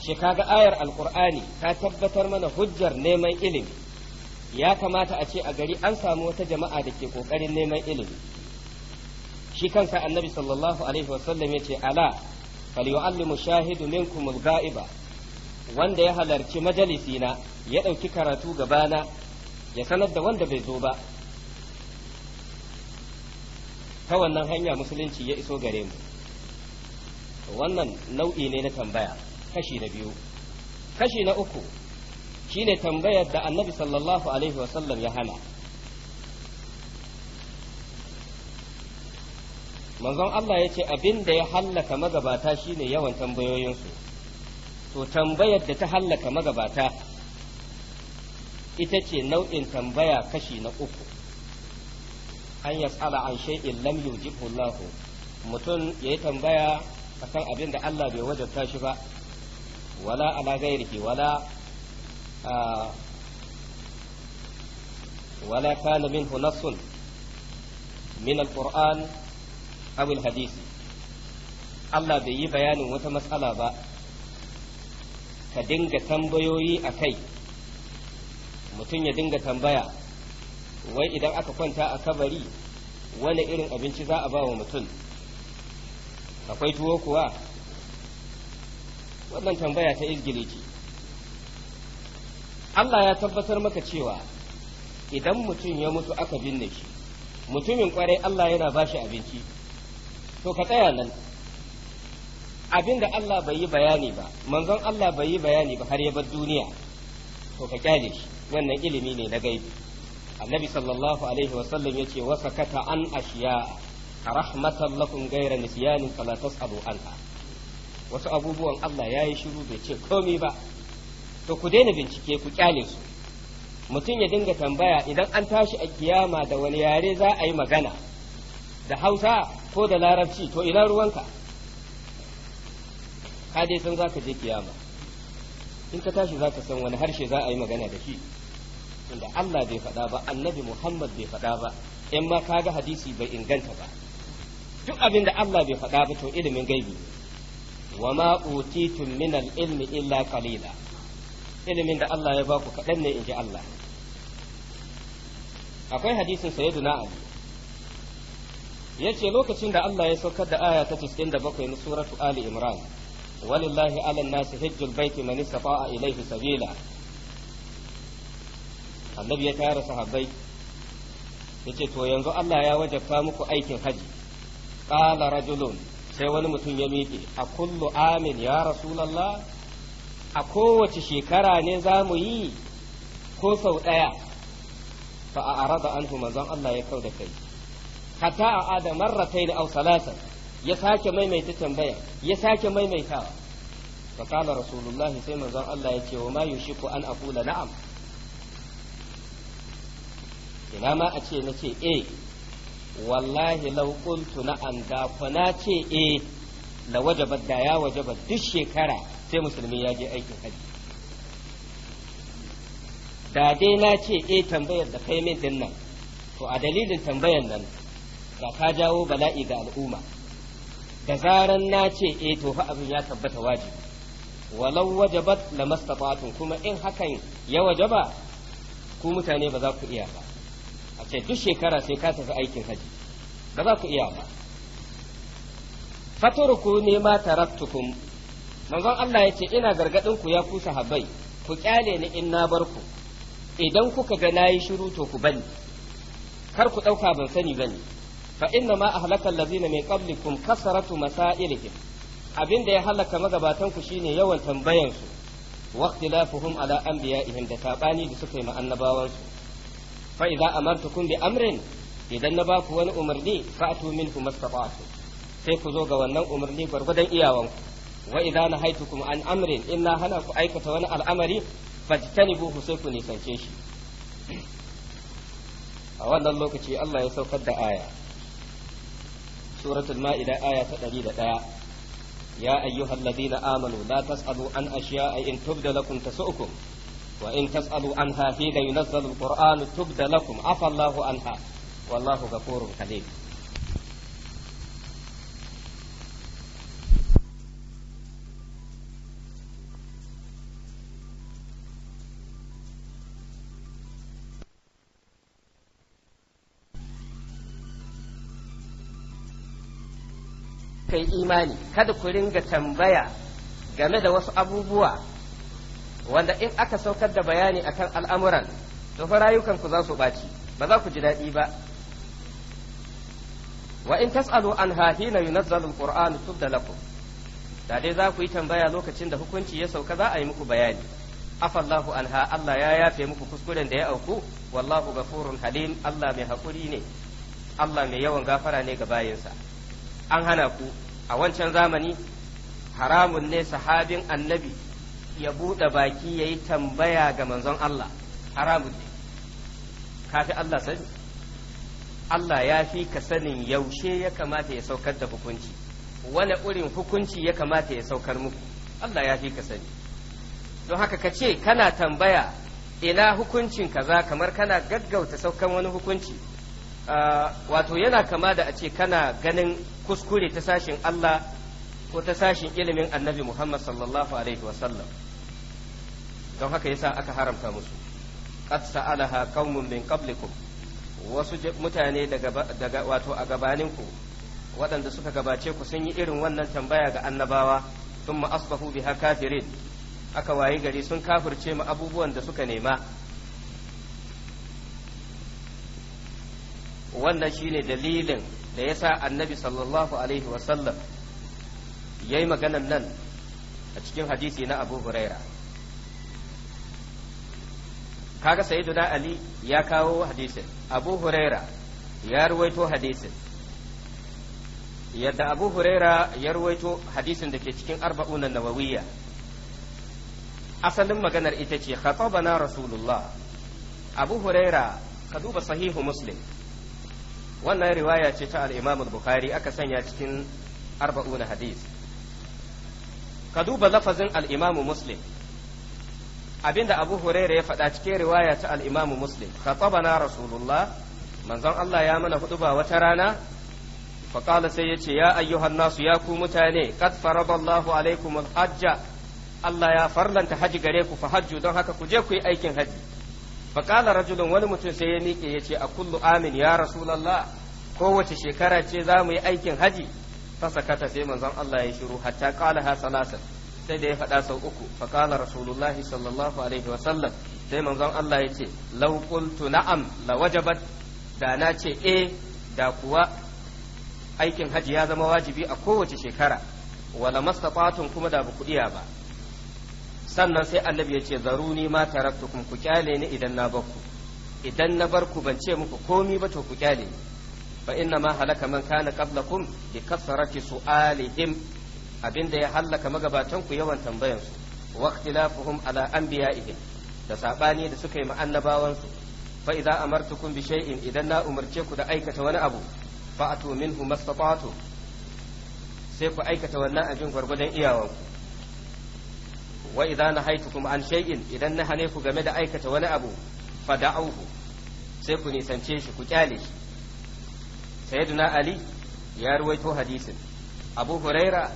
shi kaga ayar alkur'ani ta tabbatar mana hujjar neman ilimi ya kamata a ce a gari an samu wata jama'a da ke kokarin neman ilimi shi kansa annabi sallallahu alaihi wasallam ya ce ala falyu'allimu shahidu minkum al-ga'iba wanda ya halarci majalisi na ya ɗauki karatu gabana ya sanar da wanda bai zo ba ta wannan hanya musulunci ya iso gare mu wannan nau'i ne na tambaya kashi na biyu kashi na uku shine tambayar da annabi sallallahu alaihi wasallam ya hana manzon Allah ya ce abin da ya hallaka magabata shine yawan tambayoyinsu to tambayar da ta hallaka magabata ita ce nau'in tambaya kashi na uku an yas'ala an shay'in lam yujibhu Allah mutum yayi tambaya akan abin da Allah bai wajabta shi ba wala ala ghairihi wala ولا كان منه نص من القرآن أو الحديث Allah bai yi bayanin wata matsala ba ka dinga tambayoyi a kai mutum ya dinga tambaya wai idan aka kwanta a kabari wani irin abinci za a ba wa mutum akwai tuwo kuwa wannan tambaya ta izgili ce Allah ya tabbatar maka cewa idan mutum ya mutu aka binne shi mutumin kwarai Allah yana ba shi abinci to ka tsaya nan abin Allah bai yi bayani ba manzon Allah bai yi bayani ba har ya bar duniya to ka kyale shi wannan ilimi ne na gaibi annabi sallallahu alaihi wa ya ce wasakata an ashiya rahmatan lakum gaira nisyanin fala tas'alu anha wasu abubuwan Allah ya yi shiru bai ce komai ba to ku daina bincike ku kyale su mutum ya dinga tambaya idan an tashi a kiyama da wani yare za a yi magana da hausa ko da larabci to ina ruwanka ka dai san za ka je kiyama in ka tashi za ka san wani harshe za a yi magana da shi inda Allah bai faɗa ba annabi Muhammad bai faɗa ba in ma ka ga hadisi bai inganta ba duk abin da Allah bai faɗa ba to ilimin gaibi ne wa ma utitum min al-ilmi illa qalila ilimin da Allah ya baku kaɗan ne in ji Allah akwai hadisin sayyiduna Ali yace lokacin da Allah ya saukar da aya ta 97 na suratu Ali Imran walillahi 'alan nasi hajjul baiti mani istata'a ilayhi sabila annabi ya tara sahabbai yace to yanzu Allah ya wajabta muku aikin haji qala rajulun sai wani mutum ya miƙe a kullu amin ya rasulallah a kowace shekara ne za mu yi ko sau ɗaya fa a arada anhu manzon Allah ya kau da kai hatta a ada marratayn aw salasa ya sake maimaita tambaya ya sake maimaitawa fa kana rasulullah sai manzon Allah ya ce wa ma yushiku an aqula na'am ina ma a ce nace eh wallahi lau na an gafa na ce eh la wajaba da ya wajaba duk shekara sai musulmi ya je aikin haji da dai na ce eh tambayar da kai min din nan to a dalilin tambayar nan ga ka jawo bala'i ga al'umma da zaran na ce eh to fa abin ya tabbata wajibi walau wajabat lamastata'tum kuma in hakan ya wajaba ku mutane ba za ku iya ba a ce duk shekara sai ka tafi aikin haji ba za ku iya ba ku ne ma taraktukum manzon Allah ya ce ina gargadin ku ya kusa habai ku kyale ni in na bar ku idan kuka ga nayi shiru to ku bani kar ku dauka ban sani bane fa inna ma ahlakal ladina min qablikum kasaratu masailihim abin da ya halaka magabatan ku shine yawan tambayan su waqtilafuhum ala anbiya'ihim da tabani da suka yi ma annabawansu fa idza amartukum amrin idan na baku wani umarni fa'tu ku mastata'tu sai ku zo ga wannan umarni gwargwadon iyawanku wa na nahaytukum an amrin in na hana ku aikata wani al'amari ku sai ku nisance shi a wannan lokaci Allah ya saukar da aya suratul ma'ida aya ta 101 يا أيها الذين آمنوا لا an عن أشياء إن تبد su تسؤكم وإن تسألوا عنها حين ينزل القرآن تبدى لكم عفى الله عنها والله غفور حليم kai imani kada ku ringa tambaya game da wasu abubuwa wanda in aka saukar da bayani akan al'amuran to fa rayukanku za su ɓaci ba za ku ji daɗi ba wa in tas'alu an hina yunazzalu alquran tubda lakum da dai za ku yi tambaya lokacin da hukunci ya sauka za a yi muku bayani afallahu anha Allah ya yafe muku kuskuren da ya auku wallahu ghafurun halim Allah mai hakuri ne Allah mai yawan gafara ne ga bayinsa an hana ku a wancan zamani haramun ne sahabin annabi ya buɗe baki ya yi tambaya ga manzon Allah haramun ne kafi Allah sani Allah ya fi ka sanin yaushe ya kamata ya saukar da hukunci wani irin hukunci ya kamata ya saukar muku Allah ya fi ka sani don haka ka ce kana tambaya ina hukuncin kaza kamar kana gaggauta saukan wani hukunci ah, wato yana kama da a ce kana ganin kuskure ta sashin Allah ko ta sashin ilimin annabi Muhammad sallallahu alaihi wasallam don haka yasa aka haramta musu qad sa'alaha qaumun min qablikum wasu mutane daga wato a gabaninku waɗanda suka gabace ku sun yi irin wannan tambaya ga annabawa thumma asbahu biha kafirin aka wayi gari sun kafirce mu abubuwan da suka nema wannan shine dalilin da yasa annabi sallallahu alaihi wasallam ya maganan nan a cikin hadisi na abu huraira kaga sayyiduna ali ya kawo hadisin abu huraira ya ruwaito hadisin yadda abu huraira ya ruwaito hadisin da ke cikin arba'unan nawawiyya asalin maganar ita ce khatabana rasulullah abu huraira ka duba sahihu muslim wannan riwaya ce ta al-imam al-bukhari aka sanya cikin arba'una hadis ka duba lafazin al-imam muslim abinda abu huraira ya faɗa cikin riwaya ta al-imamu muslim khatabana rasulullah manzon Allah ya mana hudu ba wata rana faƙala sai ya ce ya ayyuhan nasu ya ku mutane qad faradallahu alaikum Allah ya farlanta haji gare ku fa hajju don haka ku je ku aikin haji faƙala rajulun wani mutum sai ya miƙe ya ce a kullu amin ya rasulallah kowace shekara ce za mu yi aikin haji fasakata sai manzon Allah ya shiru hatta qala ha sai da ya faɗa sau uku faƙala rasulullahi sallallahu alaihi wasallam sai manzon Allah ya ce laukuntu na'am la wajabat da na ce e da kuwa aikin haji ya zama wajibi a kowace shekara wala mastata'tum kuma da ba ba sannan sai annabi ya ce zaruni ma taraktukum ku kyale ni idan na bakku idan na barku ban ce muku komi ba to ku kyale ni fa inna ma halaka man kana qablakum bi kasrati su'alihim abinda ya hallaka magabatan ku yawan tambayan su waqtilafuhum ala anbiya'ihim da sabani da suka yi ma annabawan su fa idza amartukum bi shay'in idan na umarce ku da aikata wani abu fa atu minhu mastata'tu sai ku aikata wannan abin gwargwadon iyawan ku wa idza nahaitukum an shay'in idan na hane ku game da aikata wani abu fa da'awhu sai ku nisance shi ku kyale shi sayyiduna ali ya ruwaito hadisin abu huraira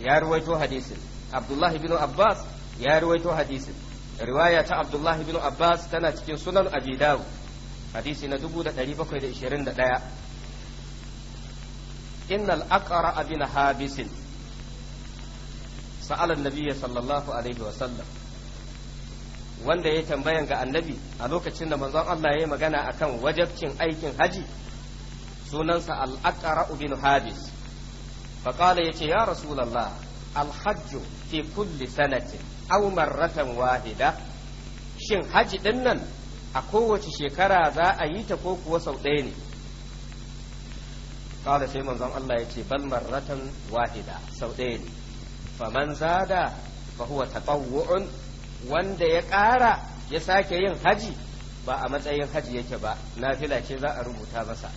ya ruwaito hadisin Abdullah bin Abbas ya ruwaito hadisin riwaya ta Abdullah bin Abbas tana cikin sunan Abi Dawud hadisi na 1721 innal aqra bin habisin sa'ala an-nabiy sallallahu alaihi wa sallam wanda ya tambayan ga annabi a lokacin da manzon Allah ya yi magana akan wajabcin aikin haji sunansa al-aqra bin habis faƙala ya ce ya rasulallah alhajju fi kulli sanatin aw marratan wahida shin haji din nan a kowace shekara za a yi ta ko kuwa sau ɗaya ne ƙala sai manzon Allah ya ce bal marratan wahida sau ɗaya ne faman zada fa huwa tatawwu'un wanda ya ƙara ya sake yin haji ba a matsayin haji yake ba nafila ce za a rubuta masa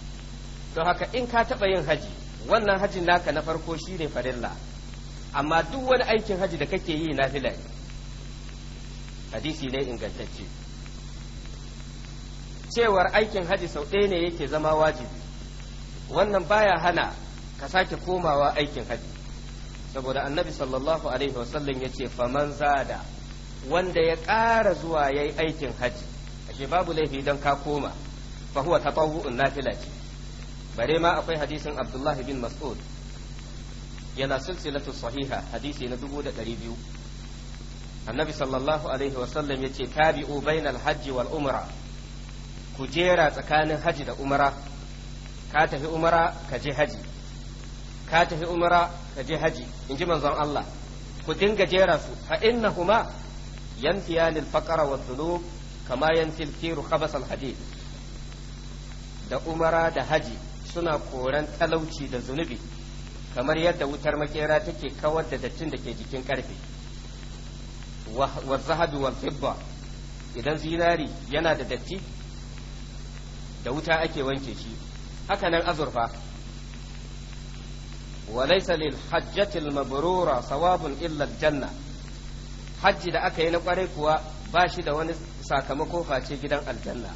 don haka in ka taɓa yin haji wannan hajjin naka na farko shi ne farilla amma duk wani aikin haji da kake yi na ne hadisi ne ingantacce cewar aikin haji sau ɗaya ne yake zama wajibi wannan baya hana ka sake komawa aikin haji saboda annabi sallallahu alaihi wasallam ya ce faman zada wanda ya ƙara zuwa ya yi aikin haji ashe babu laifi don ka koma fa huwa tatawu'un nafila ce bare ma akwai hadisin abdullahi bin mas'ud yana silsilatu sahiha hadisi na dubu da ɗari biyu annabi sallallahu alaihi wasallam ya ce tabi'u bainal hajji wal umra ku jera tsakanin haji da umra ka tafi umra ka je haji ka tafi umra ka je haji in ji manzon Allah ku dinga jera su fa innahuma yansiyanil lil faqra wa dhunub kama yanfi al hadid da umara da haji suna koran talauci da zunubi kamar yadda wutar makera take kawar da dattin da ke jikin karfe wa zahadu wa idan zinari yana da datti da wuta ake wanke shi haka nan azurfa wa lil hajjatil mabrura sawabun illa janna hajji da aka yi na kwarai kuwa ba shi da wani sakamako face gidan aljanna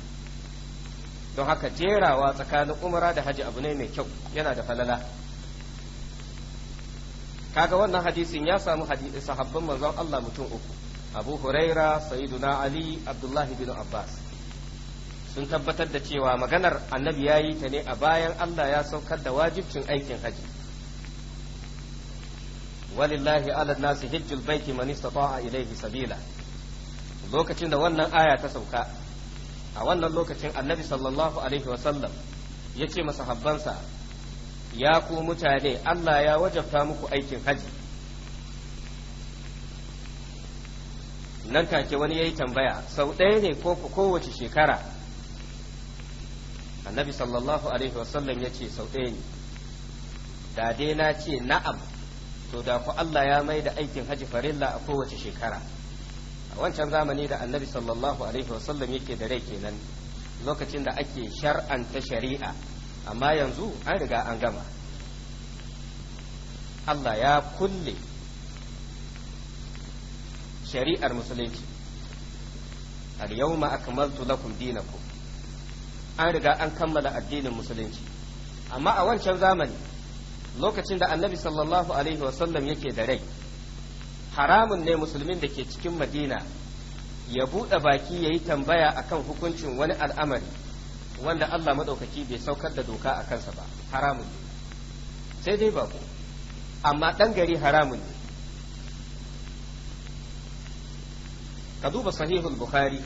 don haka jerawa tsakanin umara da haji abu ne mai kyau yana da falala kaga wannan hadisin ya samu sahabban manzon Allah mutum uku Abu Huraira Sayyiduna Ali Abdullahi, bin Abbas sun tabbatar da cewa maganar annabi ya yi ta ne a bayan Allah ya saukar da wajibcin aikin haji walillahi ala nasi hijjul baiti man istata'a ilayhi sabila lokacin da wannan aya ta sauka a wannan lokacin annabi sallallahu alaihi wasallam ya ce masahabbansa ya ku mutane Allah ya wajabta muku aikin haji nan take wani ya yi tambaya sau ɗaya ne ko kowace shekara annabi sallallahu alaihi wasallam ya ce sau ɗaya ne da dai na ce na'am to da ku Allah ya mai da aikin haji farilla a kowace shekara wancan zamani da annabi sallallahu alaihi wasallam yake da rai kenan lokacin da ake shar'anta shari'a amma yanzu an riga an gama Allah ya kulle shari'ar musulunci al-yawma akmaltu lakum dinakum an riga an kammala addinin musulunci amma a wancan zamani lokacin da annabi sallallahu alaihi wasallam yake da rai haramun ne musulmin da ke cikin madina ya buɗe baki ya yi tambaya akan hukuncin wani al'amari wanda Allah maɗaukaki bai saukar da doka a kansa ba haramun ne sai dai bako amma ɗan gari haramun ne ka duba sahihul bukhari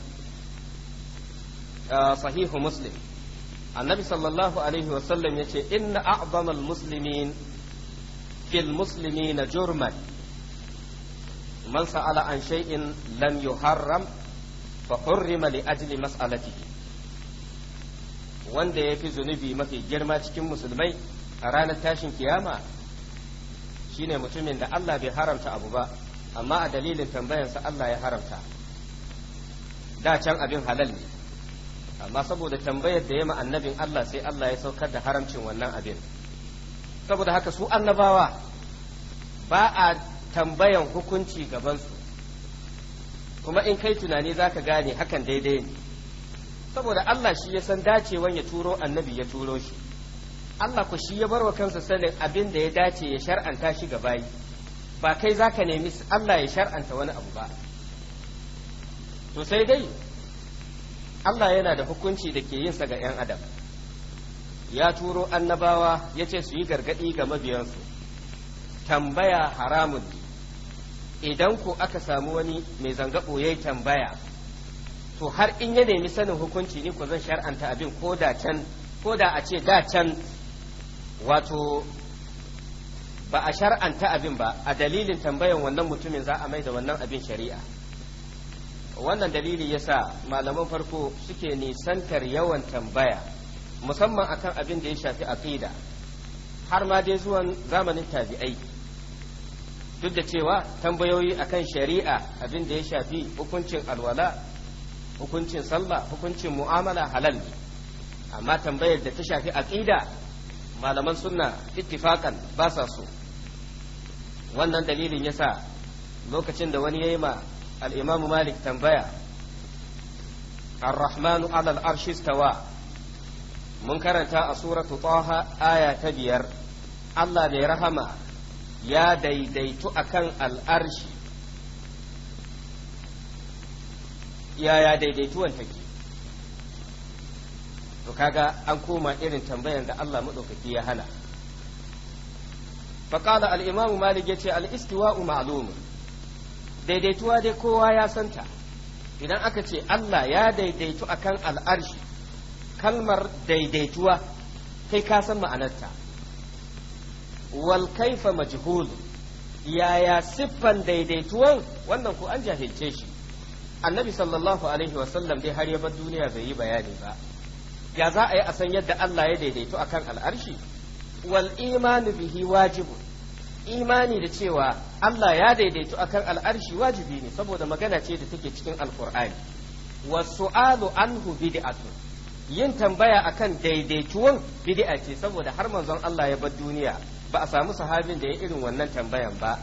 ah, sahihu muslim annabi sallallahu alaihi wasallam ya ce inna a'zamal muslimin fil muslimina jurman man sa'ala an shay'in lam yuharram fa hurrima li ajli mas'alatihi wanda ya fi zunubi mafi girma cikin musulmai a ranar tashin kiyama shine mutumin da Allah bai haramta abu ba amma a dalilin tambayarsa Allah ya haramta da can abin halal ne amma saboda tambayar da ya ma annabin Allah sai Allah ya saukar da haramcin wannan abin saboda haka su annabawa ba a tambayan hukunci gabansu kuma in kai tunani za ka gane hakan daidai ne saboda Allah shi ya san dacewan ya turo annabi ya turo shi Allah ku shi ya barwa kansa sanin abin da ya dace ya shar'anta shi ga bayi ba kai za ka nemi Allah ya shar'anta wani abu ba to sai dai Allah yana da hukunci da ke yinsa ga 'yan adam ya turo annabawa ya ce su yi gargaɗi ga mabiyansu tambaya haramun idan ku aka samu wani mai zanga yayi tambaya to har in ya nemi sanin hukunci ne ko zan shar'anta abin ko da can ko da a ce da can wato ba a shar'anta abin ba a dalilin tambayan wannan mutumin za a mai da wannan abin shari'a wannan dalili ya sa malaman farko suke nisantar yawan tambaya musamman akan abin da ya shafi aqida har ma dai zuwan zamanin tabi'ai duk da cewa tambayoyi akan shari'a abin da ya shafi hukuncin alwala hukuncin sallah hukuncin mu'amala halal ne amma tambayar da ta shafi aqida malaman sunna ittifaqan ba sa so wannan dalilin yasa lokacin da wani ya yi ma al-Imam Malik tambaya ar-Rahmanu 'ala al mun karanta a suratu Taha aya ta biyar Allah bai rahama ya daidaitu a kan al'arshi ya daidaitu daidaituwan ke to kaga an koma irin tambayar da Allah maɗaukaki ya hana faƙala al'imamu malik ya ce al'istiwa'u ma'lumun daidaituwa dai kowa ya santa idan aka ce Allah ya daidaitu akan al'arshi kalmar daidaituwa kai ka san ma'anarta wal kaifa majhul yaya siffan daidaituwan wannan ku an jahilce shi annabi sallallahu alaihi wasallam dai har ya bar duniya bai yi bayani ba ya za a yi a san yadda Allah ya daidaito akan al'arshi wal imanu bihi wajibu imani da cewa Allah ya daidaito akan al'arshi wajibi ne saboda magana ce da take cikin alqur'ani wasu'alu anhu bid'atun yin tambaya akan daidaituwan bid'a ce saboda har manzon Allah ya bar duniya ba a samu sahabin da ya irin wannan tambayan ba